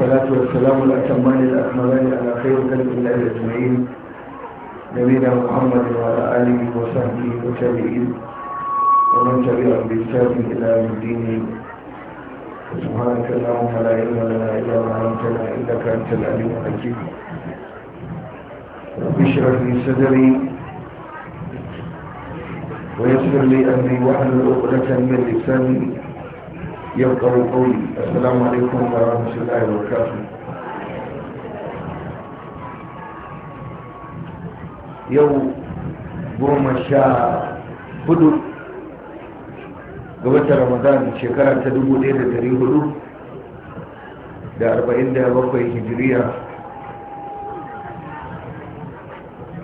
والصلاة والسلام الأكمال الأكملان على خير خلق الله أجمعين نبينا محمد وعلى آله وصحبه وتابعين ومن تبعهم بإحسان إلى يوم الدين سبحانك اللهم لا علم لنا إلا ما علمتنا إنك أنت العليم الحكيم رب اشرح لي صدري ويسر لي أمري واحلل عقدة من لساني يبقوا قولي السلام عليكم ورحمة الله وبركاته يوم goma sha hudu ga watan ramadan shekara ta dubu ɗaya da dari hudu da arba'in da bakwai hijiriya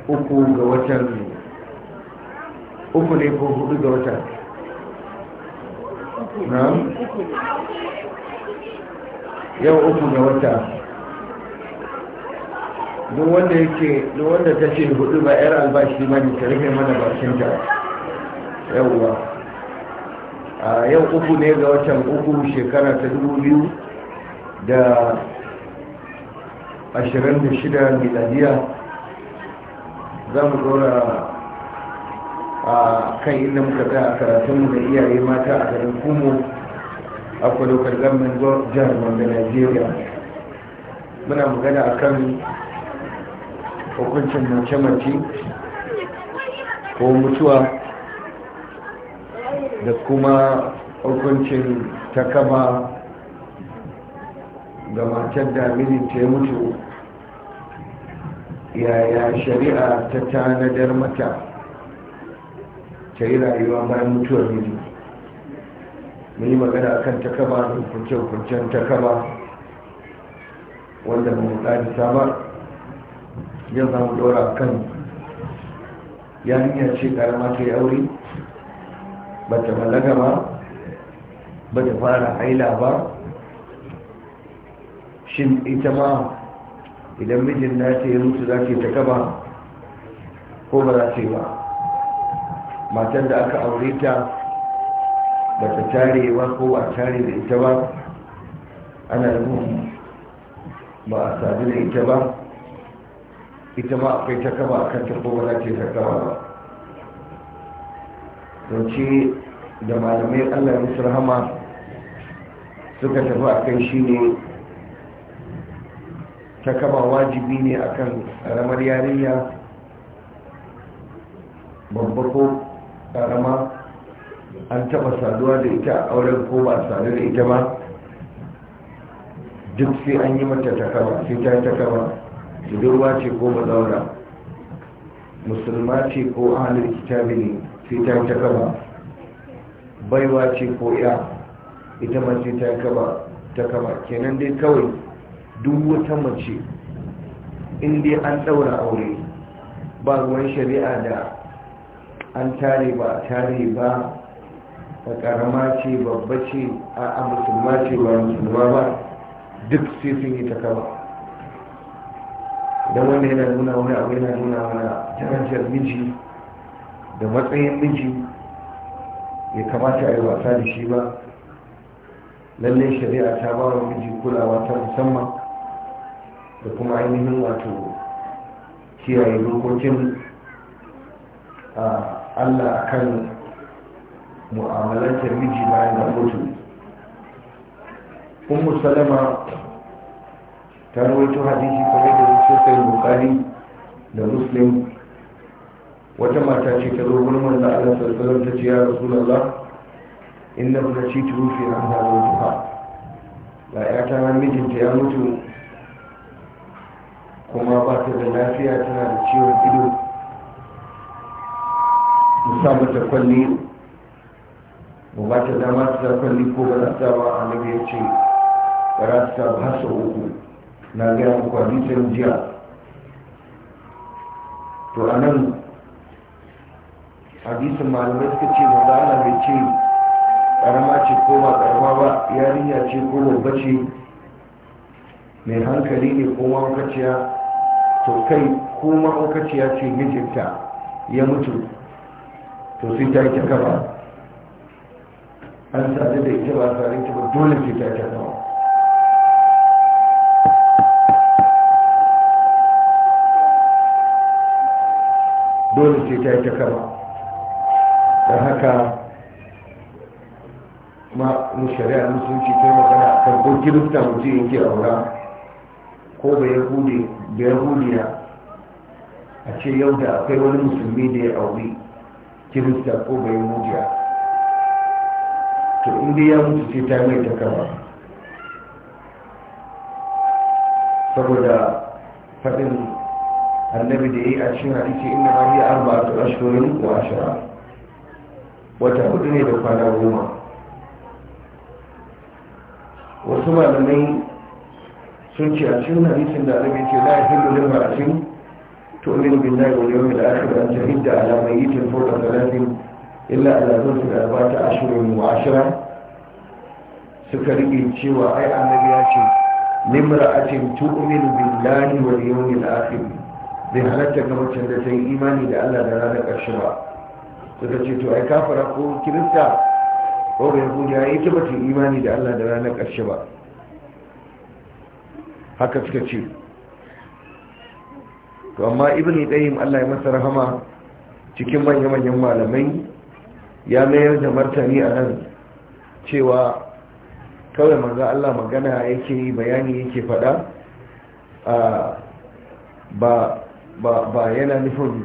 uku ga watan uku ne ko hudu ga watan yau uku ga wata duk wanda yake duk wanda ta ce hudu ba yar albashi ba ne ta rufe mana bakin ta yauwa a yau uku ne ga watan uku shekara ta dubu biyu da ashirin da shida miladiya za mu dora a kan inda muka ga a karatunmu da iyaye mata a garin kumo a kwadokar gamin jihar wanda najeriya muna magana a kan hukuncin mace-mace ko mutuwa da kuma hukuncin takama ga matar da ta mutu yaya shari'a ta tanadar mata ta yi rayuwa bayan mutuwar miji mun yi magana a kan takaba da hukunce-hukuncen takaba wanda mu ɗarisa ba yau za mu ɗora kan yarinya ce ƙarama ta yi aure ba ta mallaka ba ba ta fara haila ba shin ita ma idan mijin na ce yi mutu za ke takaba ko ba za ce ba matan da aka aure ta ba ta tare wa ko a tare da ita ba ana nufin ba a sadu da ita ba ita ma akwai ta kama a kanta ko ba ce ta kama ba to ce da malamai allah ya musu rahama suka tafi a kai shi ne ta kama wajibi ne akan ramar yarinya babba ko karama an taba saduwa da ita a auren ko ba sadu da ita ba duk sai an yi mata takaba sai ta yi takaba budurwa ce ko mazaura musulma ce ko ahalar kitabi ne sai ta yi takaba baiwa ce ko ya ita ma sai ta yi takaba kenan dai kawai duk wata mace in dai an daura aure ba ruwan shari'a da an tare ba a tare ba a karama ce babba ce a musulma ce ba musulma ba duk sai sun yi ta kama don wanda yana nuna wani abu yana nuna a darajar miji da matsayin miji ya kamata a yi wasa da shi ba lallai shari'a ta ba wa miji kulawa ta musamman da kuma ainihin wato kiyaye dokokin a ah, Allah akan mu'amalantar miji bayan da mutu ummu salama ta rawaito hadisi kamar da zuciya sai bukari da muslim wata mata ce ta zo gurman da Allah sallallahu ta ce ya rasulullah inna ci tufi an da duha ba ya ta mijinta ya mutu kuma ba ta da lafiya tana da ciwon ido mu sa mata kwalli mu ba ta dama ta kwalli ko ba za ta ba nabi ya ce ba su ta ba su uku na gaya muku hadisin jiya to a nan hadisin malamai suka ce maza ana bai ce karama ce ko ba karama ba yarinya ce ko babba ce mai hankali ne ko maukaciya to kai ko maukaciya ce mijinta ya mutu to sai ta yi kafa an sadu da ita ba tsarin ta ba dole sai ta yi kafa dole sai ta yi ta kama don haka ma mu shari'a musulunci ta magana kan ko kirista mutum yake aura ko bai ya ya a ce yau da akwai wani musulmi da ya auri kirista ko bai mujiya to inda ya mutu sai ta mai ta kama saboda faɗin annabi da ya yi a cikin hadisi inda ma yi arba ta ashirin ko ashira wata hudu ne da kwana goma wasu malamai sun ce a cikin hadisin da annabi ce la ya fi lulun تؤمن بالله واليوم الآخر أن تهد على ميت فوق ثلاث إلا على ذنب أربعة أشهر وعشرة سكري سوى أي النبيات لامرأة تؤمن بالله واليوم الآخر بهلتك متندتي إيماني لألا دلالك الشرع سكري تو أي كافر أقول كريستا ko bai hudu ya yi ta imani da Allah da ranar ƙarshe ba haka suka ce to amma ibn qayyim Allah ya masa rahama cikin manyan manyan malamai ya mayar da martani a nan cewa kawai manzo Allah magana yake bayani yake faɗa ba ba ba yana nufin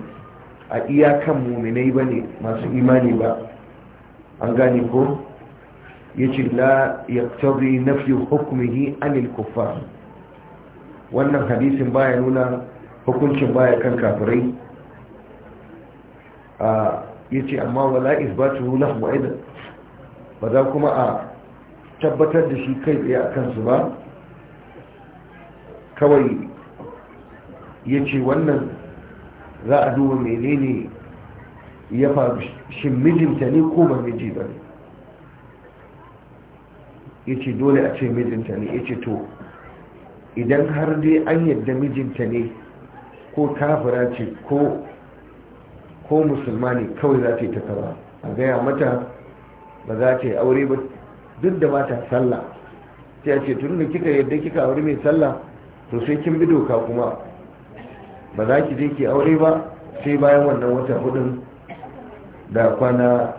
a iyakan muminai ba ne masu imani ba an gane ko ya ce la ya tabi na hukumihi anil kuffar wannan hadisin baya nuna hukuncin baya kan kafirai a yace amma wala isbatu lahum aida ba za kuma a tabbatar da shi kai tsaye a kansu ba kawai yace wannan za a duba menene ya faru shin mijinta ne ko ba miji ba ya ce dole a ce mijinta ne ya ce to idan har dai an yadda mijinta ne ko kafira ce ko musulma ne kawai za ta yi ta a gaya mata ba za ta yi aure ba duk da ba ta sallah sai a ce tun da kika yadda kika aure mai sallah to sai kin bi doka kuma ba za ki je ki aure ba sai bayan wannan wata hudun da kwana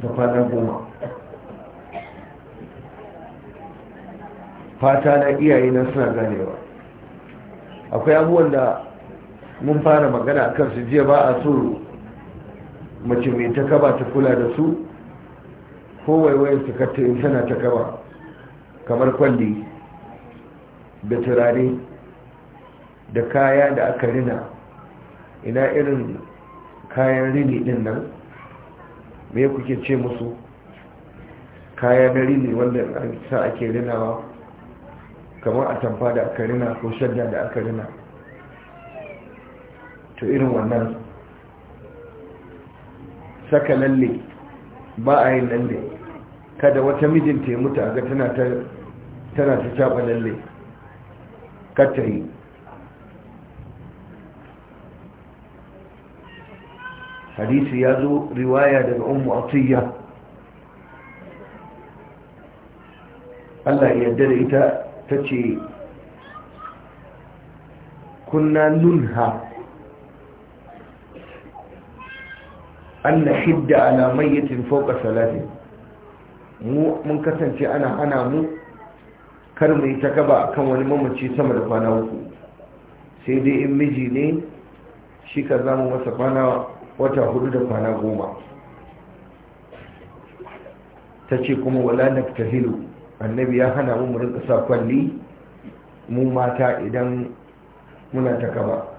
da kwana goma fata na iyaye na suna ganewa akwai abubuwan da mun fara magana a kansu jiya ba a so mace mai ta kaba ta kula da su ko waiwayin su katta tana ta kaba kamar kwalli da turare da kaya da aka rina ina irin kayan rini din nan me kuke ce musu kaya na rini wanda sa ake rinawa kamar a tamfa da aka rina ko shadda da aka rina to irin wannan saka lalle ba a yin lalle kada wata mijinta ya mutu a ga tana ta tana caba lalle kata yi hadisi ya zo riwaya daga ummu atiyya Allah yadda da ita ta ce kunna ha? an na hidda ala mayyatin fauka salatin mun kasance ana hana mu kar mu yi ta kaba kan wani mamaci sama da kwana uku sai dai in miji ne shi ka zamu masa kwana wata hudu da kwana goma ta ce kuma wala na hilo annabi ya hana mu rinka sa kwalli mu mata idan muna ta kaba.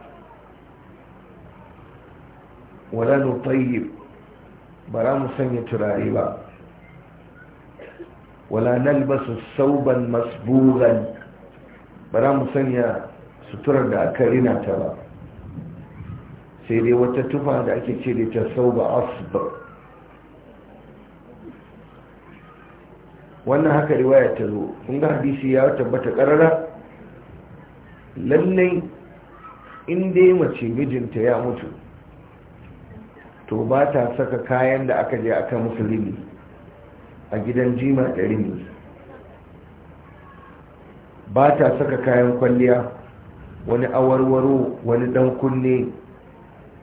wala nutayyib ba za mu sanya turare ba wala nalbasu sauban masburan ba za mu sanya suturar da aka rina ta ba sai dai wata tufa da ake ce da ta sauba asba wannan haka riwaya ta zo kun ga hadisi ya tabbata karara lallai in dai mace mijinta ya mutu to ba ta saka kayan da aka je aka musu a gidan jima da rini ba ta saka kayan kwalliya wani awarwaro wani dan kunne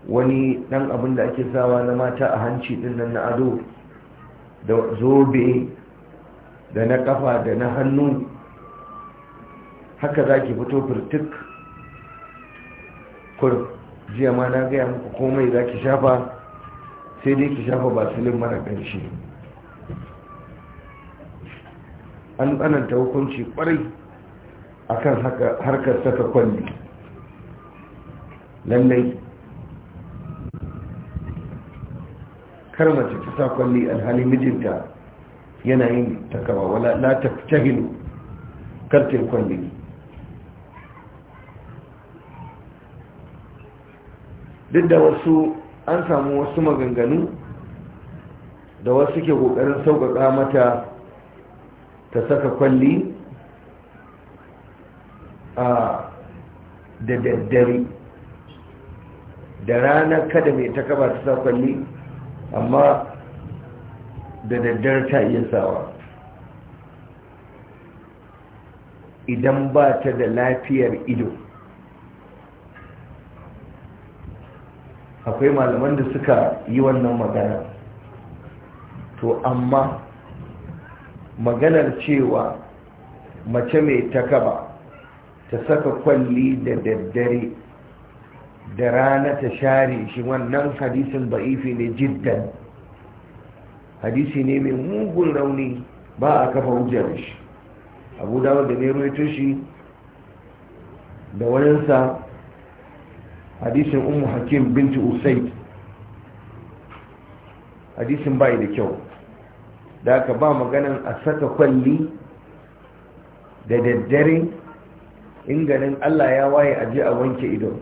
wani dan abin da ake sawa na mata a hanci din nan na ado da zobe da na kafa da na hannu haka za ki fito firtik kur jiya ma na gaya muku komai za ki shafa sai dai ki shafa basilin mara ƙarshe an tsananta hukunci kwarai kan harkar saka kwalli lallai kar mace ta sa kwalli alhali mijinta yana yin takawa wala la ta kar kwalli duk da wasu an samu wasu maganganu da wasu ke kokarin sauƙaƙa mata ta saka kwalli a da daddare da rana kada mai ta kaba ta sa kwalli amma da daddare ta iya sawa idan ba ta da lafiyar ido akwai malaman da suka yi wannan magana to amma maganar cewa mace mai takaba ta saka kwalli da daddare da rana ta share shi wannan hadisin ba'ifi ne jiddan hadisi ne mai mugun rauni ba a kafa hujjar shi abu dawud da ne shi da waninsa hadisin ummu hakim binti usaid hadisin bai da kyau da aka ba maganan a saka kwalli da daddare in ganin allah ya waye aje a wanke ido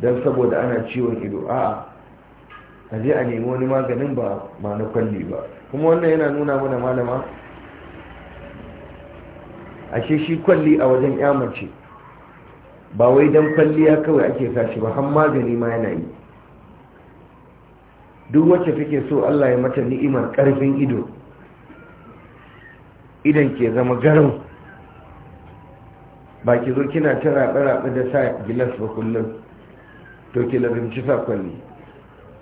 don saboda ana ciwon ido a'a aje a nemi wani maganin ba ma na kwalli ba kuma wannan yana nuna mana malama ashe shi kwalli a wajen mace ba wai don kwalliya kawai ake sashi ba har magani ma yana yi duk wacce take so Allah ya mata ni'imar karfin ido idan ke zama garin ba ki zo kina ta raɓe-raɓe da sa gilas ba kullum to ki labinci sa kwalli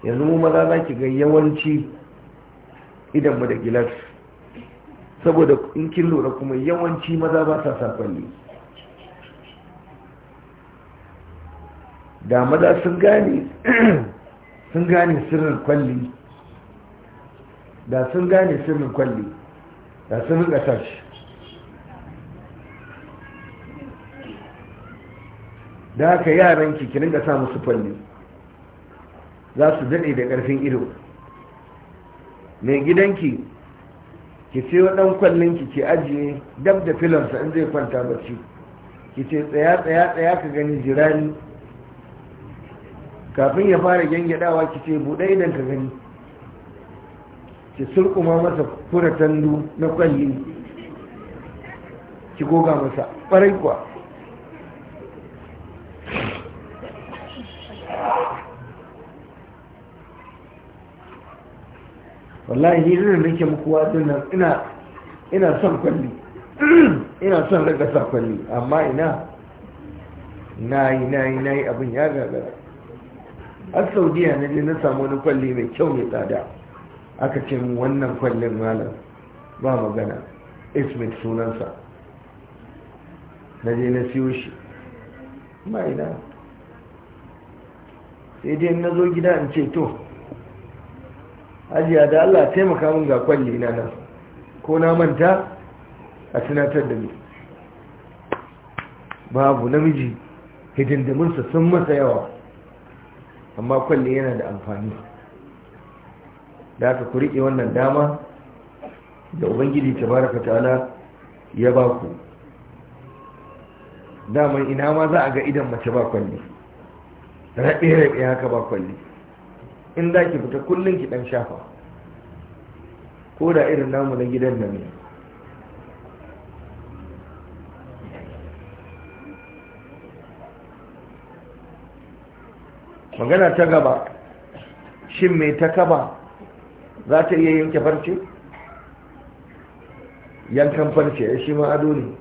yanzu mu maza za ki ga yawanci idan mu da gilas saboda in kin lura kuma yawanci maza ba sa sa kwalli da maza sun gane sun gane sirrin kwalli da sun gane sirrin kwalli da sun rika tashi da haka yaran ki ringa sa musu kwalli za su daɗe da ƙarfin ido mai gidanki ki ce ɗan kwallonki ki ajiye dab da filonsa in zai kwanta bacci ki ce tsaya tsaya tsaya ka gani jirani kafin ya fara gyangyadawa ki ce buɗe idan ka gani ki surkuma masa fura tandu na kwalli ki goga masa ɓarai kuwa wallahi ni irin rike muku wadin nan ina ina son kwalli ina son rika sa kwalli amma ina na yi na yi na yi abin ya gagara har saudiya na je na samu wani kwalli mai kyau mai tsada aka ce wannan kwallin malam ba magana ismit sunansa na je na siyo shi ma'ina sai dai na zo gida in ce to ajiya da allah taimaka min ga kwalli na nan ko na manta a tunatar da ni babu namiji hidindiminsa sun masa yawa amma kwalli yana da amfani da aka kuriɗe wannan dama da ubangiji tabaraka ta'ala ya ba ku daman ina ma za a ga idan mace ba kwalli raɓe-raɓe haka ba kwalli in za ki fita kullum ki ɗan shafa ko da irin namu na gidan nan ne magana ta gaba shin mai ta kaba za ta iya yanke farce yankan farce ya shi ma'ado ne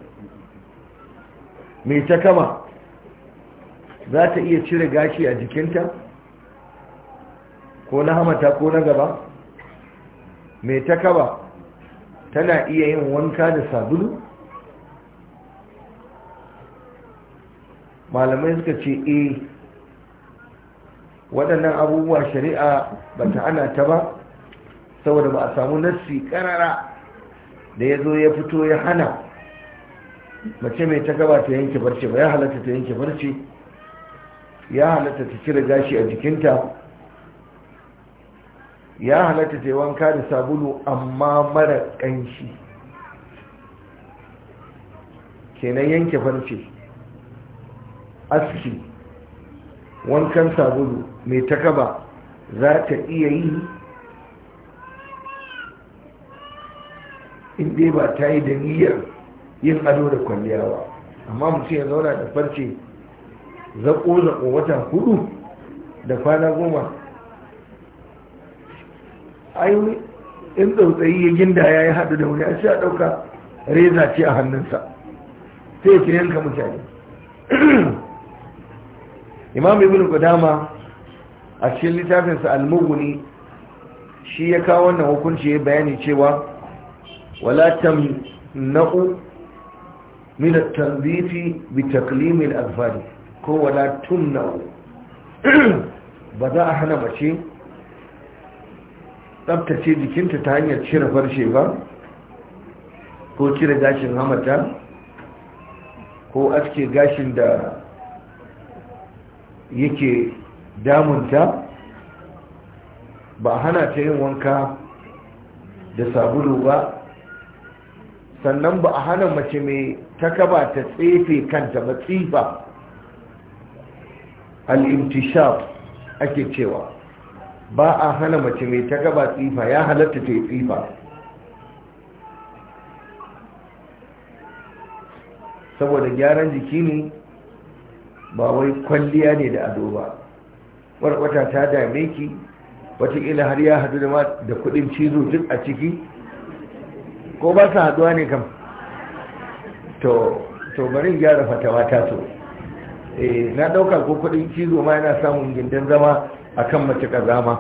mai ta kama za ta iya cire gashi a jikinta ko na hamata ko na gaba mai ta kaba tana iya yin wanka da sabulu malamai suka ce e. waɗannan abubuwa shari'a ba ta ana ta ba saboda ba a samu nassi karara da ya zo ya fito ya hana mace mai ta gaba ta yanke barci, ba ya halatta ta yanke barci? ya halatta ta cire gashi a jikinta ya halatta ta yi wanka da sabulu amma mara ƙanshi kenan yanke farce aski wankan sabulu mai takaba za ta iya yi inda ba ta yi da niyyar yin ado da kwalliyawa, amma mutum ya zauna da farce zaƙo-zaƙo wata hudu da kwana goma ai in tsautsayi ya ginda ya yi haɗu da wani a sha ɗauka reza ce a hannunsa sai ya yanka mutane imam ibn qudama a cikin littafinsa al shi ya kawo wannan hukunci ya bayani cewa wala tamna'u min at-tanzifi bi taqlim al-azfar ko wala tumna'u ba za a hana mace tsabtace jikinta ta hanyar cire farshe ba ko cire gashin hamata ko aske gashin da yake damunta ba hana ta yin wanka da sabulu ba sannan ba a hana mace mai takaba ta tsefe kanta ba tsifa al'imtishaf ake cewa ba a hana mace mai takaba tsifa ya halatta ta yi tsifa saboda gyaran jiki ne ba wai kwalliya ne da ado ba warwata ta dame ki watakila har ya hadu da kudin cizo duk a ciki ko ba su haduwa ne kam to barin gyara fatawa ta so eh, na dauka ko kudin cizo ma yana samun gindin zama a kan mace kazama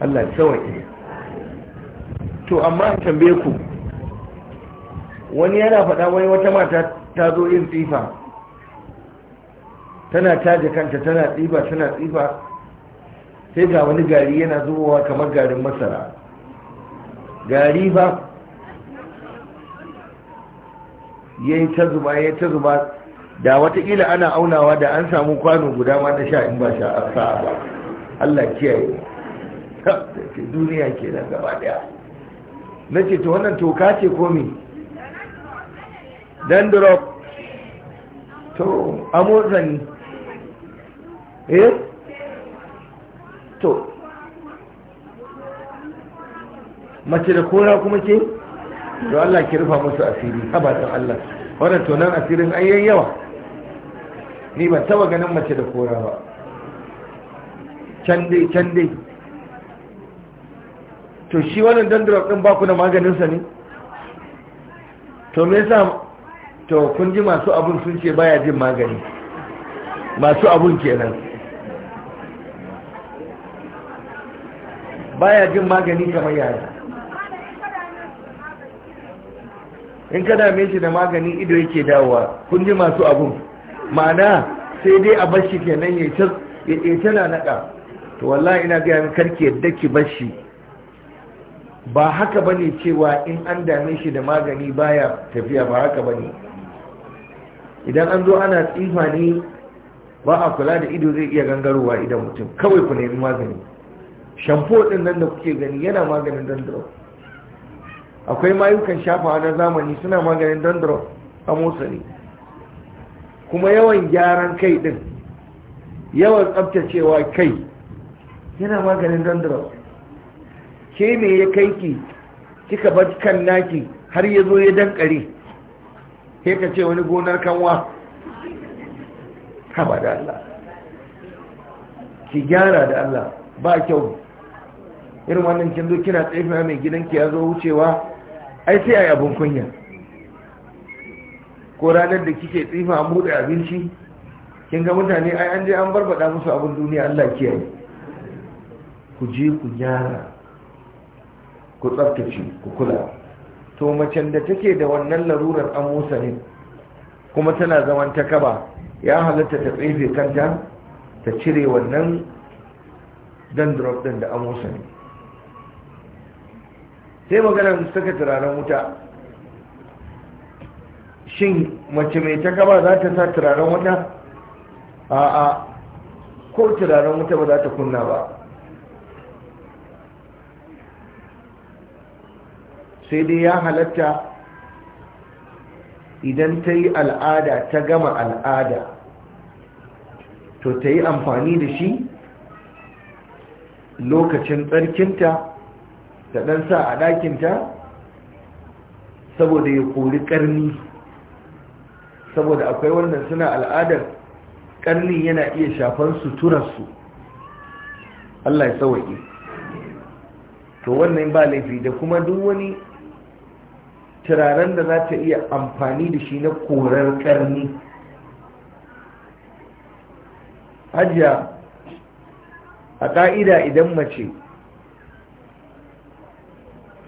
allah tsawaki to amma tambaye ku wani yana faɗa wani wata mata ta zo yin tsifa tana taje kanta tana tsifa tana tsiba sai ga wani gari yana zubowa kamar garin masara gari ba ya yi ta zuba ya ta zuba da watakila ana aunawa da an samu kwano guda ma na sha in ba sha sa'a ba allah kiyaye duniya ke nan gaba daya na ce to wannan toka ce komi dandrop to amurza eh to mace da kora kuma ke to Allah ki rufa musu asiri abadan Allah wannan to asirin an yawa ni ban taba ganin mace da kora ba can dai can dai to shi wannan dandruff din baku na da maganin sa ne to me yasa to kun ji masu abun sun ce baya jin magani masu abun kenan baya jin magani kamar yare in ka dame shi da magani ido yake dawowa kun ji masu abun ma'ana sai dai a bashi kenan ya tana naka to wallahi ina gaya min karki yadda ki bashi ba haka bane cewa in an dame shi da magani baya tafiya ba haka bane idan an zo ana tsifa ne ba a kula da ido zai iya gangarowa idan mutum kawai ku nemi magani shamfo din nan da kuke gani yana maganin dandruff akwai mayukan shafawa na zamani suna maganin dandruff a ne. kuma yawan gyaran kai din yawan tsabtacewa kai yana maganin dandruff ke me ya kai ki kika bar kan naki har ya zo ya dankare Ke ka ce wani gonar kanwa haba da Allah ki gyara da Allah ba kyau irin wannan kin zo kina tsefiya mai gidanki ya zo wucewa ai sai ai abun kunya ko ranar da kike tsifa a buɗe abinci kin ga mutane ai an je an barbada musu abin duniya Allah kiyaye ku je ku gyara ku tsaftace ku kula to macen da take da wannan larurar an musa ne kuma tana zaman ta kaba ya halatta ta tsefe kanta ta cire wannan dandrop din da an musa ne sai magana maganar saka turaren wuta shin mace mai ta gaba za ta sa turaren wuta a'a ko turaren wuta ba za ta kunna ba sai dai ya halatta idan ta yi al'ada ta gama al'ada to ta yi amfani da shi lokacin tsarkinta ta ɗan sa a ɗakinta saboda ya kori ƙarni saboda akwai wannan suna al'adar ƙarni yana iya shafan su. Allah ya tsawaƙi to wannan ba laifi da kuma duk wani turaren da za ta iya amfani da shi na korar ƙarni hajiya a ƙa'ida idan mace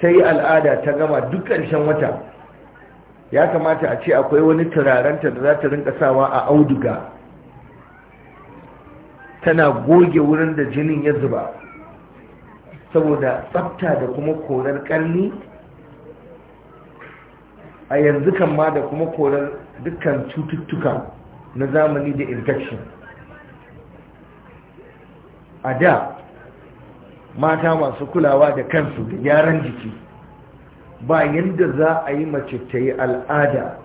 ta yi al'ada ta gama duk ƙarshen wata ya kamata a ce akwai wani turarenta da za ta rinka sawa a auduga tana goge wurin da jinin ya zuba saboda tsafta da kuma korar karni a yanzu kan ma da kuma korar dukkan cututtuka na zamani da infection a da mata masu kulawa da kansu da gyaran jiki ba yadda za a yi mace ta yi al'ada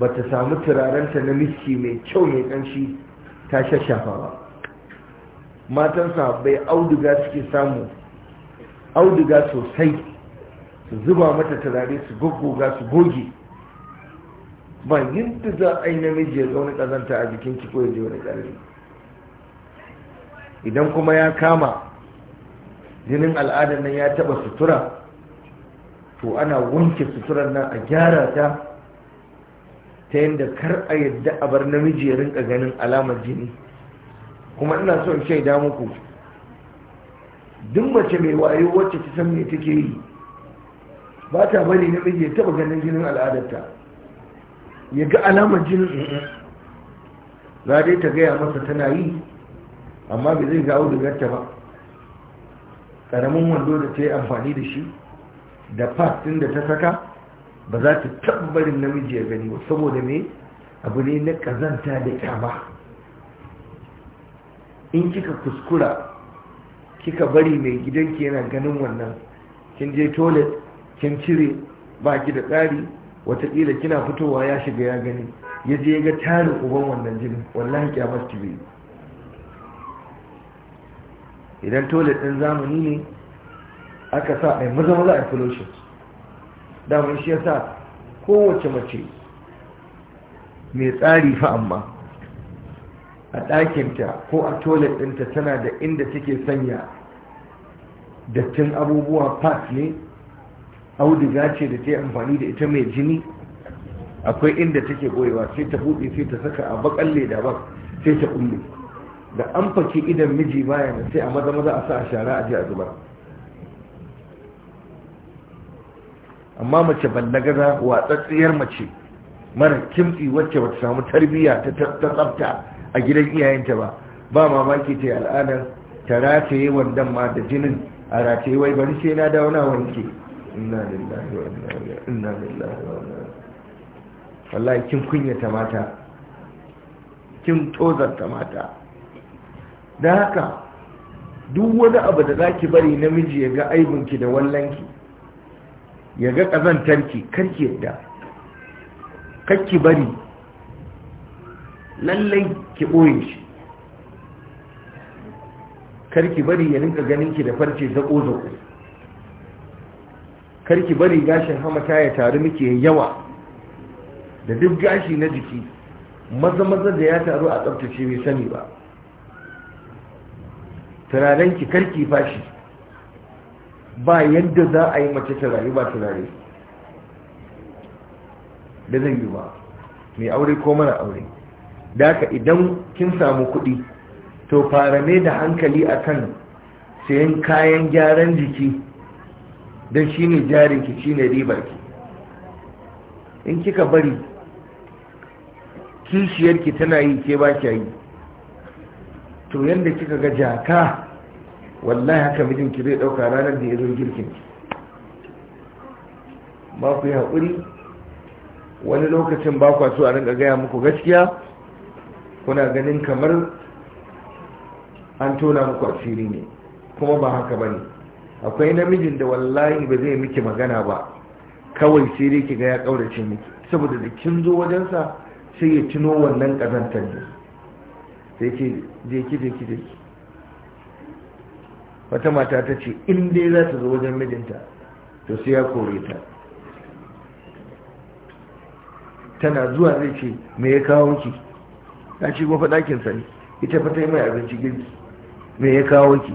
ba ta samu turarenta na miski mai kyau mai ƙanshi ta shashafa ba matan bai auduga suke samu auduga sosai su zuba mata turare su goggoga su goge ba yadda za a yi namiji ya zaune ƙazanta a jikin ciko ya je wani ƙarfi idan kuma ya kama jinin al'adar nan ya taba sutura to ana wanke suturar nan a gyara ta ta yadda kar a yadda a bar namiji ya rinka ganin alamar jini kuma ina so in shaida muku duk mace mai wayo wacce ta san me take yi ba ta bari namiji ya taba ganin jinin al'adarta ya ga alamar jinin za dai ta gaya masa tana yi amma bai zai ga audugarta ba karamin wando da ta yi amfani da shi da fatin da ta saka ba za ta taɓa barin namiji ya gani saboda me abu ne na kazanta da kyama in kika kuskura kika bari mai gidanki yana ganin wannan kin je toilet kin cire baki da tsari watakila kina fitowa ya shiga ya gani ya je ya ga tarin uban wannan jini wallahi kyamar tibi idan toilet ɗin zamani ne aka sa a maza maza a pollution damar shi ya sa kowace mace mai tsari fa amma a ɗakinta ko a toilet ɗinta tana da inda take sanya dattin abubuwa pat ne auduga ce da ta amfani da ita mai jini akwai inda take goyewa sai ta buɗe sai ta saka a bakalle leda ba sai ta kulle da an faki idan miji baya sai a maza maza a sa a shara a je a zubar amma mace ballagaza watsatsiyar mace mara kimtsi wacce wata samu tarbiyya ta tsafta a gidan iyayenta ba ba mamaki ta yi al'adar ta rataye wandan ma da jinin a rataye wai bari sai na dawo na wanke inna lillahi wa inna lillahi wa inna wallahi kin kunyata mata kin tozarta mata Da haka duk wani abu da zaki bari namiji ya ga aibinki da wallanki ya ga ƙazantarki karki yadda karki bari lallai ki ɓoye shi karki bari ya ganin ganinki da farce zaƙo-zaƙo karki bari gashin hamata ya taru miki yawa da duk gashi na jiki maza-maza da ya taru a tsabtace bai sani ba turaren ki karki fashi ba yadda za a yi mace turare ba turare da zai yi ba mai aure ko mara aure da haka idan kin samu kuɗi to fara farame da hankali akan sayan kayan gyaran jiki don shi ne jarinki shi ne ribarki in kika bari kishiyarki tana yi ke ba kya yi to yadda kika ga jaka wallahi haka mijinki zai ɗauka ranar da ya zo girkin ba ku yi haƙuri wani lokacin ba ku so a rinka gaya muku gaskiya kuna ganin kamar an tona muku asiri ne kuma ba haka ba ne akwai namijin da wallahi ba zai miki magana ba kawai sai ki ga ya ƙaurace miki saboda da kin zo wajensa sai ya tuno wannan ƙazantar ne sai ce je ki je wata mata ta ce in dai za ta zo wajen mijinta to sai ya kore ta tana zuwa zai ce me ya kawo ki ta ce gwafa ɗakin ne ita fa ta yi mai abinci girki me ya kawo ki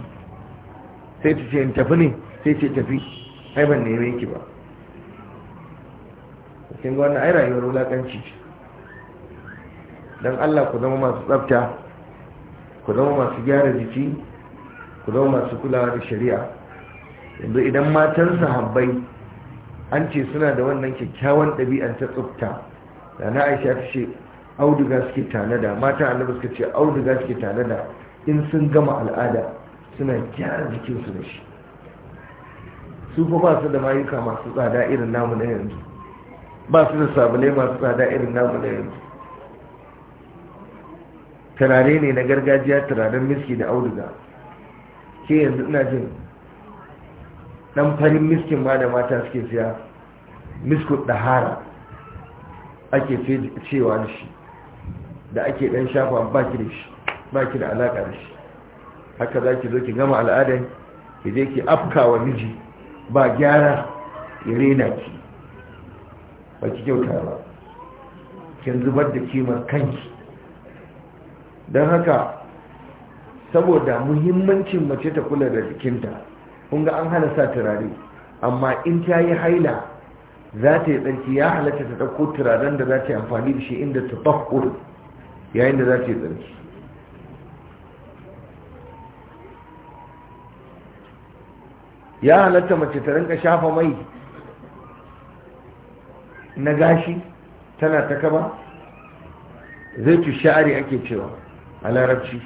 sai ta ce in tafi ne sai ce tafi haiban ne mai ki ba kin ga wannan ai rayuwar wulakanci dan Allah ku zama masu tsafta ku zama masu gyara jiki ku zama masu kulawa da shari'a yanzu idan matan sahabbai an ce suna da wannan kyakkyawan ɗabi'an ta tsufta da na aisha ta ce auduga suke tanada mata annabi suka ce auduga suke tanada in sun gama al'ada suna gyara jikinsu da shi su fa ba su da mayuka masu tsada irin namu na yanzu ba su da sabulai masu tsada irin namu na yanzu turare ne na gargajiya turaren miski da auduga ke yanzu ina jin ɗan farin miskin ma da mata suke siya miskut dahara ake cewa da shi da ake dan shafa baki da da alaka da shi haka za ki zo ki gama al'adar ki je ki afkawa miji ba gyara ya rena ki ba ki kyauta ba kin zubar da kimar kanki don haka saboda muhimmancin mace ta kula da jikinta kunga an hana sa turare amma in ta yi haila za ta yi tsarki ya halatta ta ɗauko turaren da za ta yi amfani da shi inda ta tafkur yayin da za ta yi tsarki ya halatta mace ta rinka shafa mai na gashi tana ta kaba zai tu sha'ari ake cewa a larabci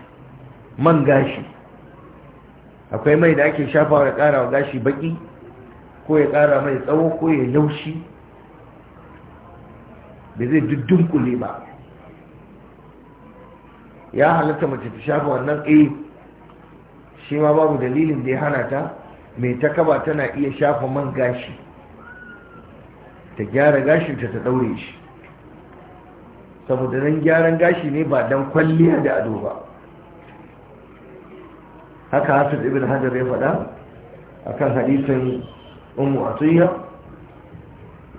man gashi akwai mai da ake shafawa ya karawa gashi baki ko ya kara mai tsawo ko ya laushi da zai duddun kule ba ya halatta mace ta shafa wannan eh shi ma babu dalilin da ya hana ta mai ta kaba tana iya shafa man gashi ta gyara gashinta ta daure shi saboda nan gyaran gashi ne ba dan kwalliya da ado ba haka hafiz ibn hajar ya faɗa akan hadisin a atiyya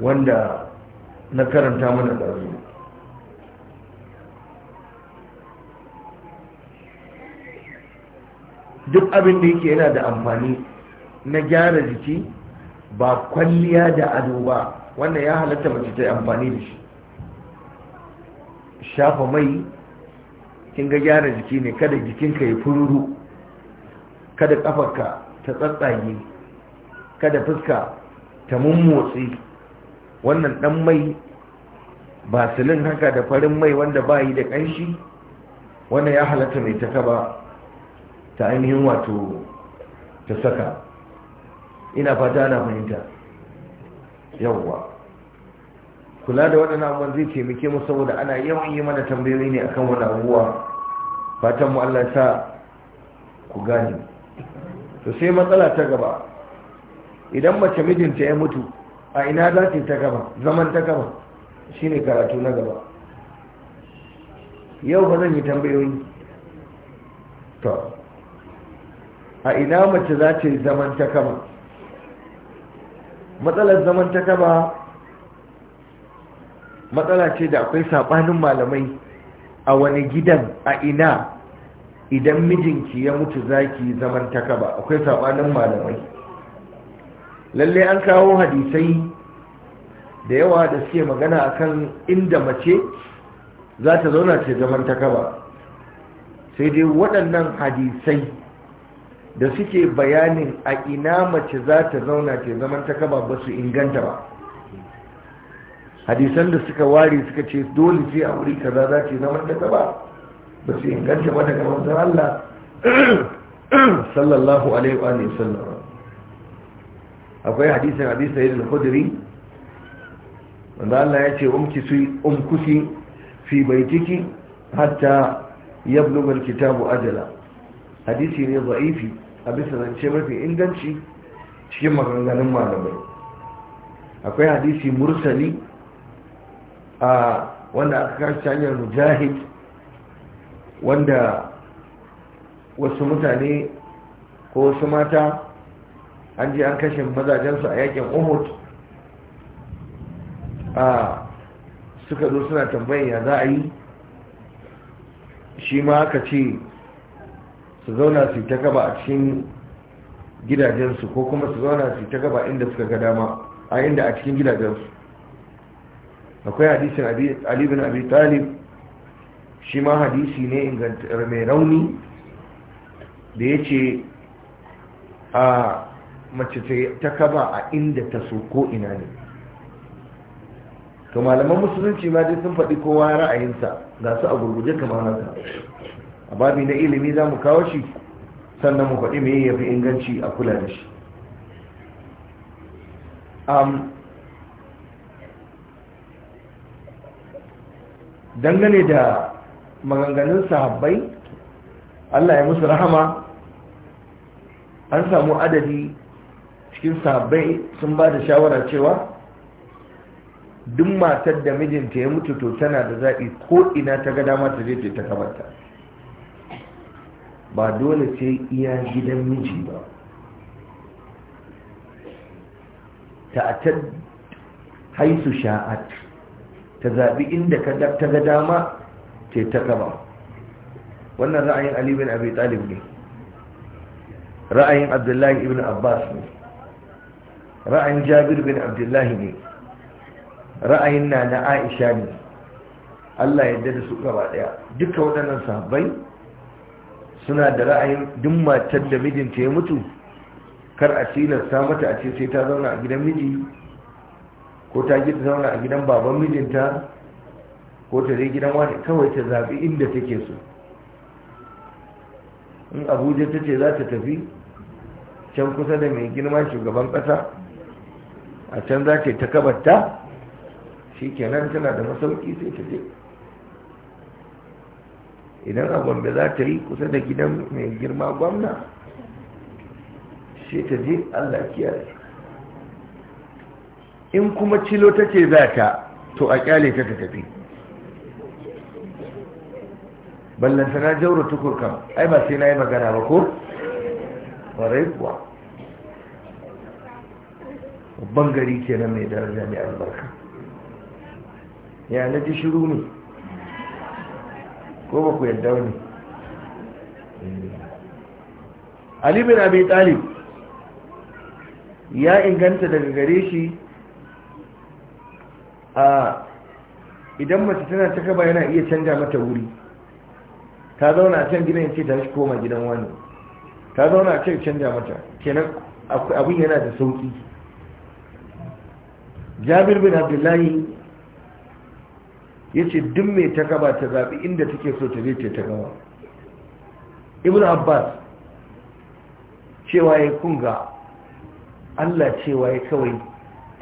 wanda na karanta mana ɗazu duk abin da yake yana da amfani na gyara jiki ba kwalliya da ado ba wannan ya halatta mace ta yi amfani da shi shafa mai kin ga gyara jiki ne kada jikinka ya fururu kada kafarka ta tsatsage kada fuska ta mummotsi wannan dan mai ba basilin haka da farin mai wanda ba yi da kanshi wanda ya halatta mai ta kaba ta ainihin wato ta saka ina fata ana fahimta yawwa kula da waɗannan abubuwan zai taimake mu saboda ana yawan yi mana tambayoyi ne akan wani abubuwa fatan mu Allah sa ku gane to sai matsala ta gaba idan mace mijinta ya mutu a ina za ta ta gaba zaman ta gaba shine karatu na gaba yau ba zan yi tambayoyi to a ina mace za ta yi zaman ta kama matsalar zaman ta kama matsala ce da akwai saɓanin malamai a wani gidan a ina idan mijinki ya mutu zaki zaman zamantakaba. akwai saɓanin malamai Lallai an kawo hadisai da yawa da suke magana akan inda mace za ta zauna ce zaman ba sai dai waɗannan hadisai da suke bayanin a ina mace za ta zauna ce zaman takaba ba su inganta ba hadisan da suka ware suka ce dole sai a wuri kaza za ce zama da ba ba su inganta ba daga Allah sallallahu alaihi wa sallam akwai hadisan hadisa yi da khudri wanda Allah ya ce umkisi umkusi fi ciki hatta ya al-kitabu ajala hadisi ne za'ifi. a bisa zance mafi inganci cikin maganganun malamai akwai hadisi mursali a wanda aka kashi hanyar mujahid wanda wasu mutane ko wasu mata an je an kashe mazajensu a yakin umut a suka zo suna tambayin ya za a yi shi ma aka ce su zauna su ta gaba a cikin gidajensu ko kuma su zauna su ta gaba inda suka ga dama a inda a cikin gidajensu akwai hadisin ali bin abi talib shi ma hadisi ne mai rauni da ya ce a mace ta kaba a inda ta so ko ina ne to malaman musulunci ma dai sun faɗi kowa ra'ayinsa ga su a gurguje kamar haka a babi na ilimi za mu kawo shi sannan mu faɗi mai yafi inganci a kula da shi dangane da maganganun sahabbai Allah ya musu rahama an samu adadi cikin sahabbai sun ba da shawara cewa duk matar da mijinta ya mutu to tana da zaɓi ko ina ta ga dama ta je ta kamata ba dole ce iya gidan miji ba ta haisu sha'at ta zaɓi inda ta ga dama ce ta gaba wannan ra'ayin ali bin talib ne ra'ayin abdullahi ibn abbas ne ra'ayin jabir bin abdullahi ne ra'ayin na na aisha ne allah yadda da su gaba daya duka waɗannan sahabbai suna da ra'ayin duk matar da mijinta ya mutu kar a tilasta mata a ce sai ta zauna a gidan miji ko ta ji ta zauna a gidan baban mijinta ko ta je gidan wani kawai ta zaɓi inda take so in abuja ta ce za ta tafi can kusa da mai girma shugaban ƙasa a can za ta yi ta kabarta shi kenan tana da masauki sai ta je idan a gombe za ta yi kusa da gidan mai girma gwamna sai ta je allah kiyaye in kuma cilo ta ce za ta to a kyale ta ta tafi ballantana na tukur kan ai ba sai na yi magana ba ko? ƙwarai kuwa babban gari kenan mai daraja mai albarka ya na ji shiru ne ko ba ku yadda wani eh. alibin abin talib ya inganta daga gare shi a idan mace tana ta kaba yana iya canja mata wuri ta zauna a can gidan ce ta shi koma gidan wani ta zauna a can canja mata kenan abin yana da sauki jabir bin abdullahi ya ce duk mai ta kaba ta zaɓi inda take so ta zai ta gama, ibn abbas cewa ya kunga allah cewa ya kawai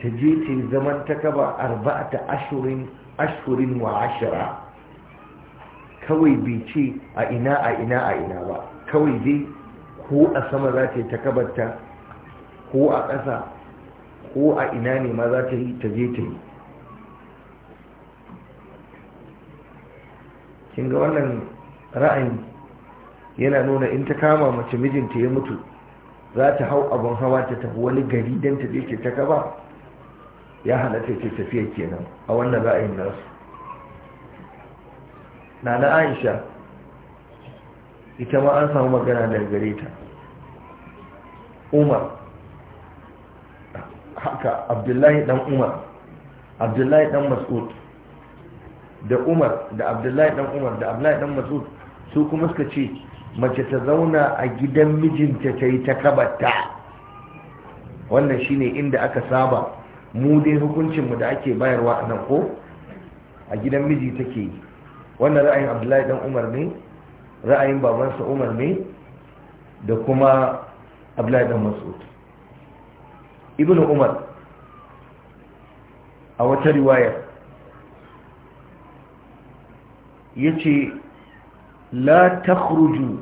ta je ta zaman ta kaba arba'ata ashirin ashirin wa ashira kawai bai ce a ina a ina a ina ba kawai dai ko a sama za ta yi ta kabarta ko a ƙasa ko a ina ne ma za ta yi ta je ta yi kin ga wannan ra'ayi yana nuna in ta kama mace mijinta ya mutu za ta hau abin hawa ta tafi wani gari don ta je ta kaba ya halatta ce tafiya kenan a wannan ra'ayin nasu na na aisha ita ma an samu magana daga gare ta umar haka abdullahi dan umar abdullahi dan mas'ud da umar da abdullahi dan umar da abdullahi dan mas'ud su kuma suka ce mace ta zauna a gidan mijinta ta yi ta kabata wannan shine inda aka saba mu dai hukuncinmu da ake bayarwa a nan ko a gidan miji take yi wannan ra'ayin abdullahi dan umar ne ra'ayin babansa umar ne da kuma abdullahi dan mas'ud ibn umar a wata riwaya, ya ce la takhruju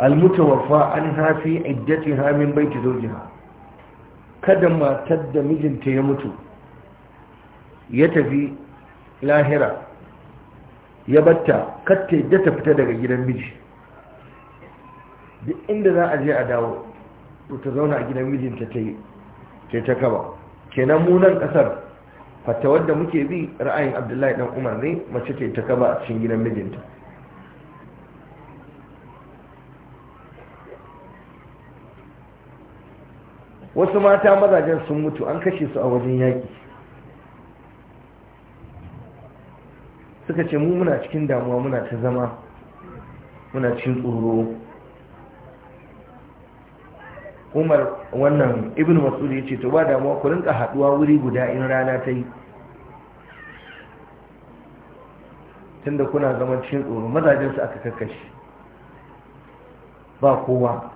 المتوفى عنها في عدتها min بيت زوجها kada matar da mijinta ya mutu ya tafi lahira ya batta katta da ta fita daga gidan miji duk inda za a je a dawo to ta zauna a gidan mijinta ta yi ta kaba kenan munan kasar fatawar da muke bi ra'ayin abdullahi dan umar ne mace ta yi ta kaba a cikin gidan mijinta wasu mata mazajen sun mutu an kashe su a wajen yaƙi suka ce mu muna cikin damuwa muna ta zama muna cikin tsoro umar wannan ibn masud ya ce to ba damuwa ku rinka haduwa wuri guda in rana ta yi tunda kuna zama cikin tsoro mazajen su aka kakashi ba kowa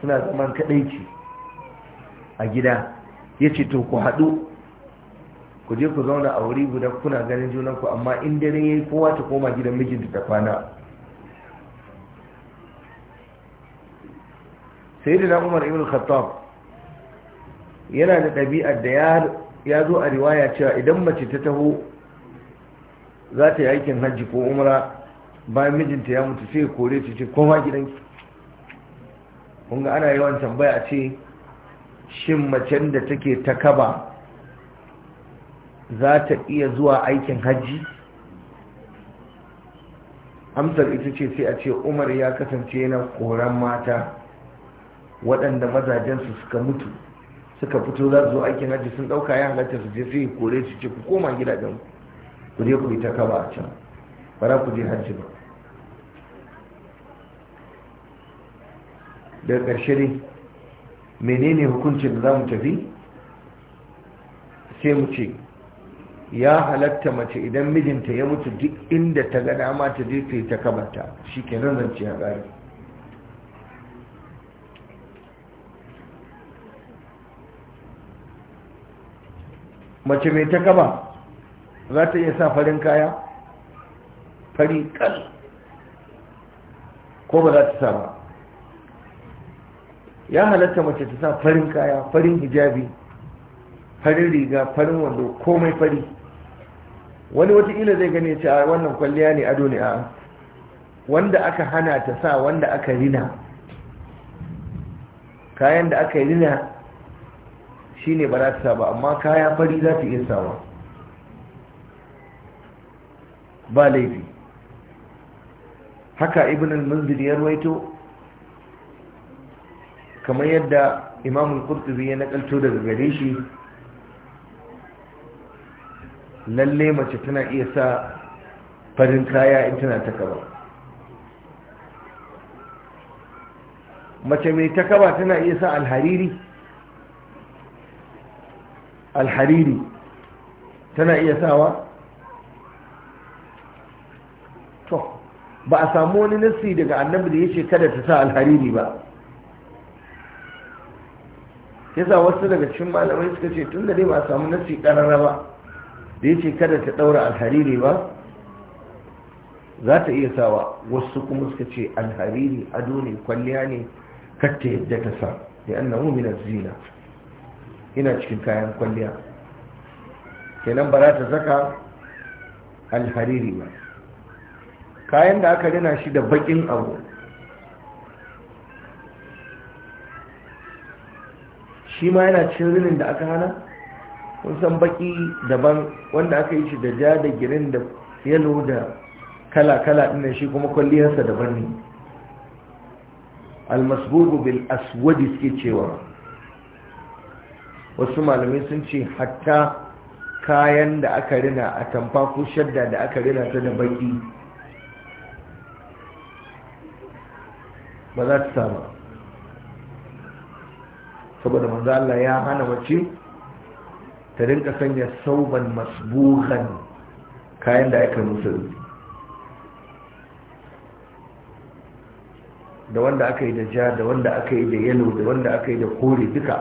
suna zaman ce a gida ya ce to ku haɗu ku je ku zauna a wuri guda kuna ganin junanku amma in dare ya yi kowa ta koma gidan mijinta ta kwana sai da umar ibn khattab yana da ɗabi'ar da ya zo a riwaya cewa idan mace ta taho za ta yi aikin hajji ko umra bayan mijinta ya mutu sai kore ta ce koma gidanki kun ga ana yawan tambaya ce shin macen da take ta kaba za ta iya zuwa aikin hajji amsar ita ce sai a ce umar ya kasance yana koran mata waɗanda mazajensu suka mutu suka fito za su zo aikin hajji sun ɗauka ya halatta su je sai kore su ce ku koma gidajen ku je ku yi ta kaba a can ba za ku je hajji ba daga ƙarshe ne. menene hukuncin da za mu tafi sai mu ce ya halatta mace idan mijinta ya mutu duk inda ta ga dama ta jefe ta kabarta shi ke nan zance a mace mai ta kaba za ta iya sa farin kaya fari kal ko ba za ta sa ba ya halatta mace ta sa farin kaya farin hijabi farin riga farin wando komai fari wani ila zai gane ce a wannan kwalliya ne ado ne a wanda aka hana ta sa wanda aka rina kayan da aka rina shi ne ba za ta sa ba amma kaya fari za ta iya sawa ba laifi haka ibn al-munzir ya ruwaito kamar yadda imamul qurtubi ya nakalto daga gare shi lalle mace tana iya sa farin kaya in tana ta kaba. mace mai ta kaba tana iya sa alhariri alhariri tana iya sawa to ba a samu wani nassi daga annabi da ya ce kada ta sa alhariri ba yasa wasu daga cikin malamai suka ce tun da dai ba samu nasi ƙarara ba da ya ce kada ta ɗaura alhariri ba za ta iya sawa wasu kuma suka ce alhariri ado ne kwalliya ne katta yadda ta sa da an na mumina zina ina cikin kayan kwalliya kenan ba za ta saka alhariri ba kayan da aka rina shi da bakin abu shi ma yana cin rinin da aka hana kun san baki daban wanda aka yi shi da ja da girin da yalo da kala-kala ɗin shi kuma kwalliyarsa daban ne almasbubu bil aswadi suke cewa wasu malamai sun ce hatta kayan da aka rina a tamfa ko shadda da aka rina ta da baki ba za ta sama saboda manzo Allah ya hana mace ta rinka sanya sauban masbuhan kayan da aka musu da wanda aka yi da ja da wanda aka yi da yalo da wanda aka yi da kore duka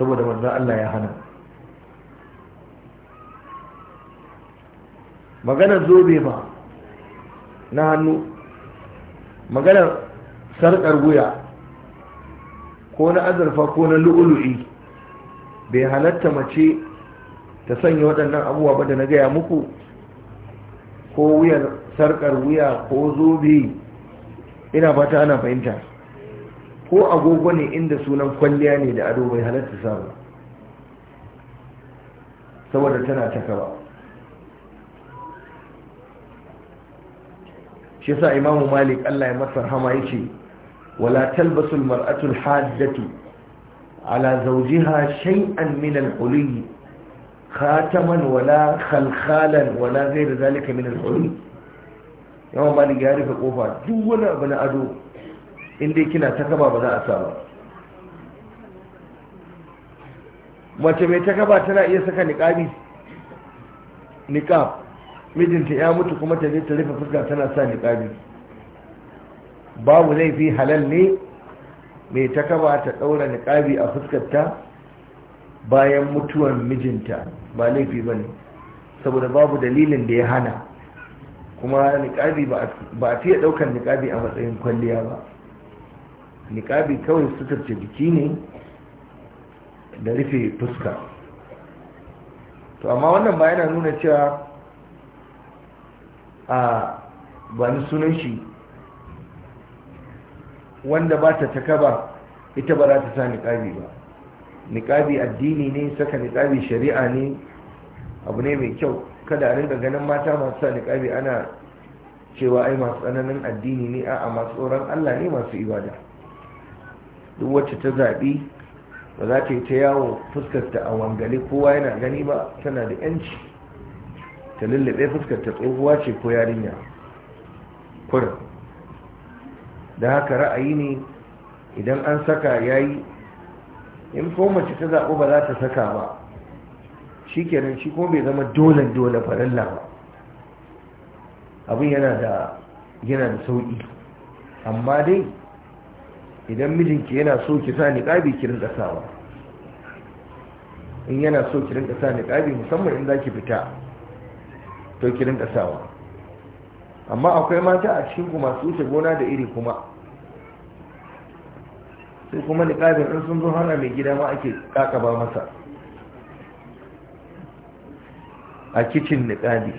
saboda manzo Allah ya hana maganar zobe ba na hannu maganar sarƙar wuya ko na azurfa ko na lu'ulu'i bai halatta mace ta sanya waɗannan abubuwa ba da na gaya muku ko wuyar sarƙar wuya ko zobe ina fata ana fahimta ko agogo ne inda sunan kwalliya ne da ado bai halatta samu saboda tana ta kaba shi sa imamu malik allah ya masar hama ya ce wala talbasul mar'atul haddatu ala zawjiha shay'an min al-huluy khataman wala khalkhalan wala ghayr zalika min al-huluy yawan malik ya rufe kofa duk wani abu na ado inda kina ta kaba ba mace mai takaba tana iya saka niqabi niqab mijinta ya mutu kuma ta je ta rufe fuska tana sa niqabi babu laifi halal ne mai ta kaba ta ɗaura niƙabi a fuskarta bayan mutuwar mijinta ba laifi ba ne saboda babu dalilin da ya hana kuma niƙabi ba a fiye ɗaukar niƙabi a matsayin kwalliya ba niƙabi kawai sutarce jiki ne da rufe fuska to amma wannan ba yana nuna cewa a ba ni sunan shi wanda ba ta taka ba ita ba za ta sa niƙabi ba niƙabi addini ne saka niƙabi shari'a ne abu ne mai kyau kada a rinka ganin mata masu sa niƙabi ana cewa ai masu tsananin addini ne a masu tsoron allah ne masu ibada duk wacce ta zaɓi ba za ta yi ta yawo fuskarta a wangale kowa yana gani ba tana da yanci ta lullube fuskarta tsohuwa ce ko yarinya kurin da haka ra'ayi ne idan an saka ya yi in ko mace ta zaɓo ba za ta saka ba shi kenan shi kuma bai zama dolen dole farilla ba abin yana da yana da sauƙi amma dai idan mijinki yana so ki sa ƙabi ki rinka sawa in yana so ki rinka sa ƙabi musamman in za ki fita to ki rinka sawa amma akwai mata a cikin kuma masu wuce gona da iri kuma sai kuma niƙabin in sun zo hana mai gida ma ake ba masa a kicin niƙabi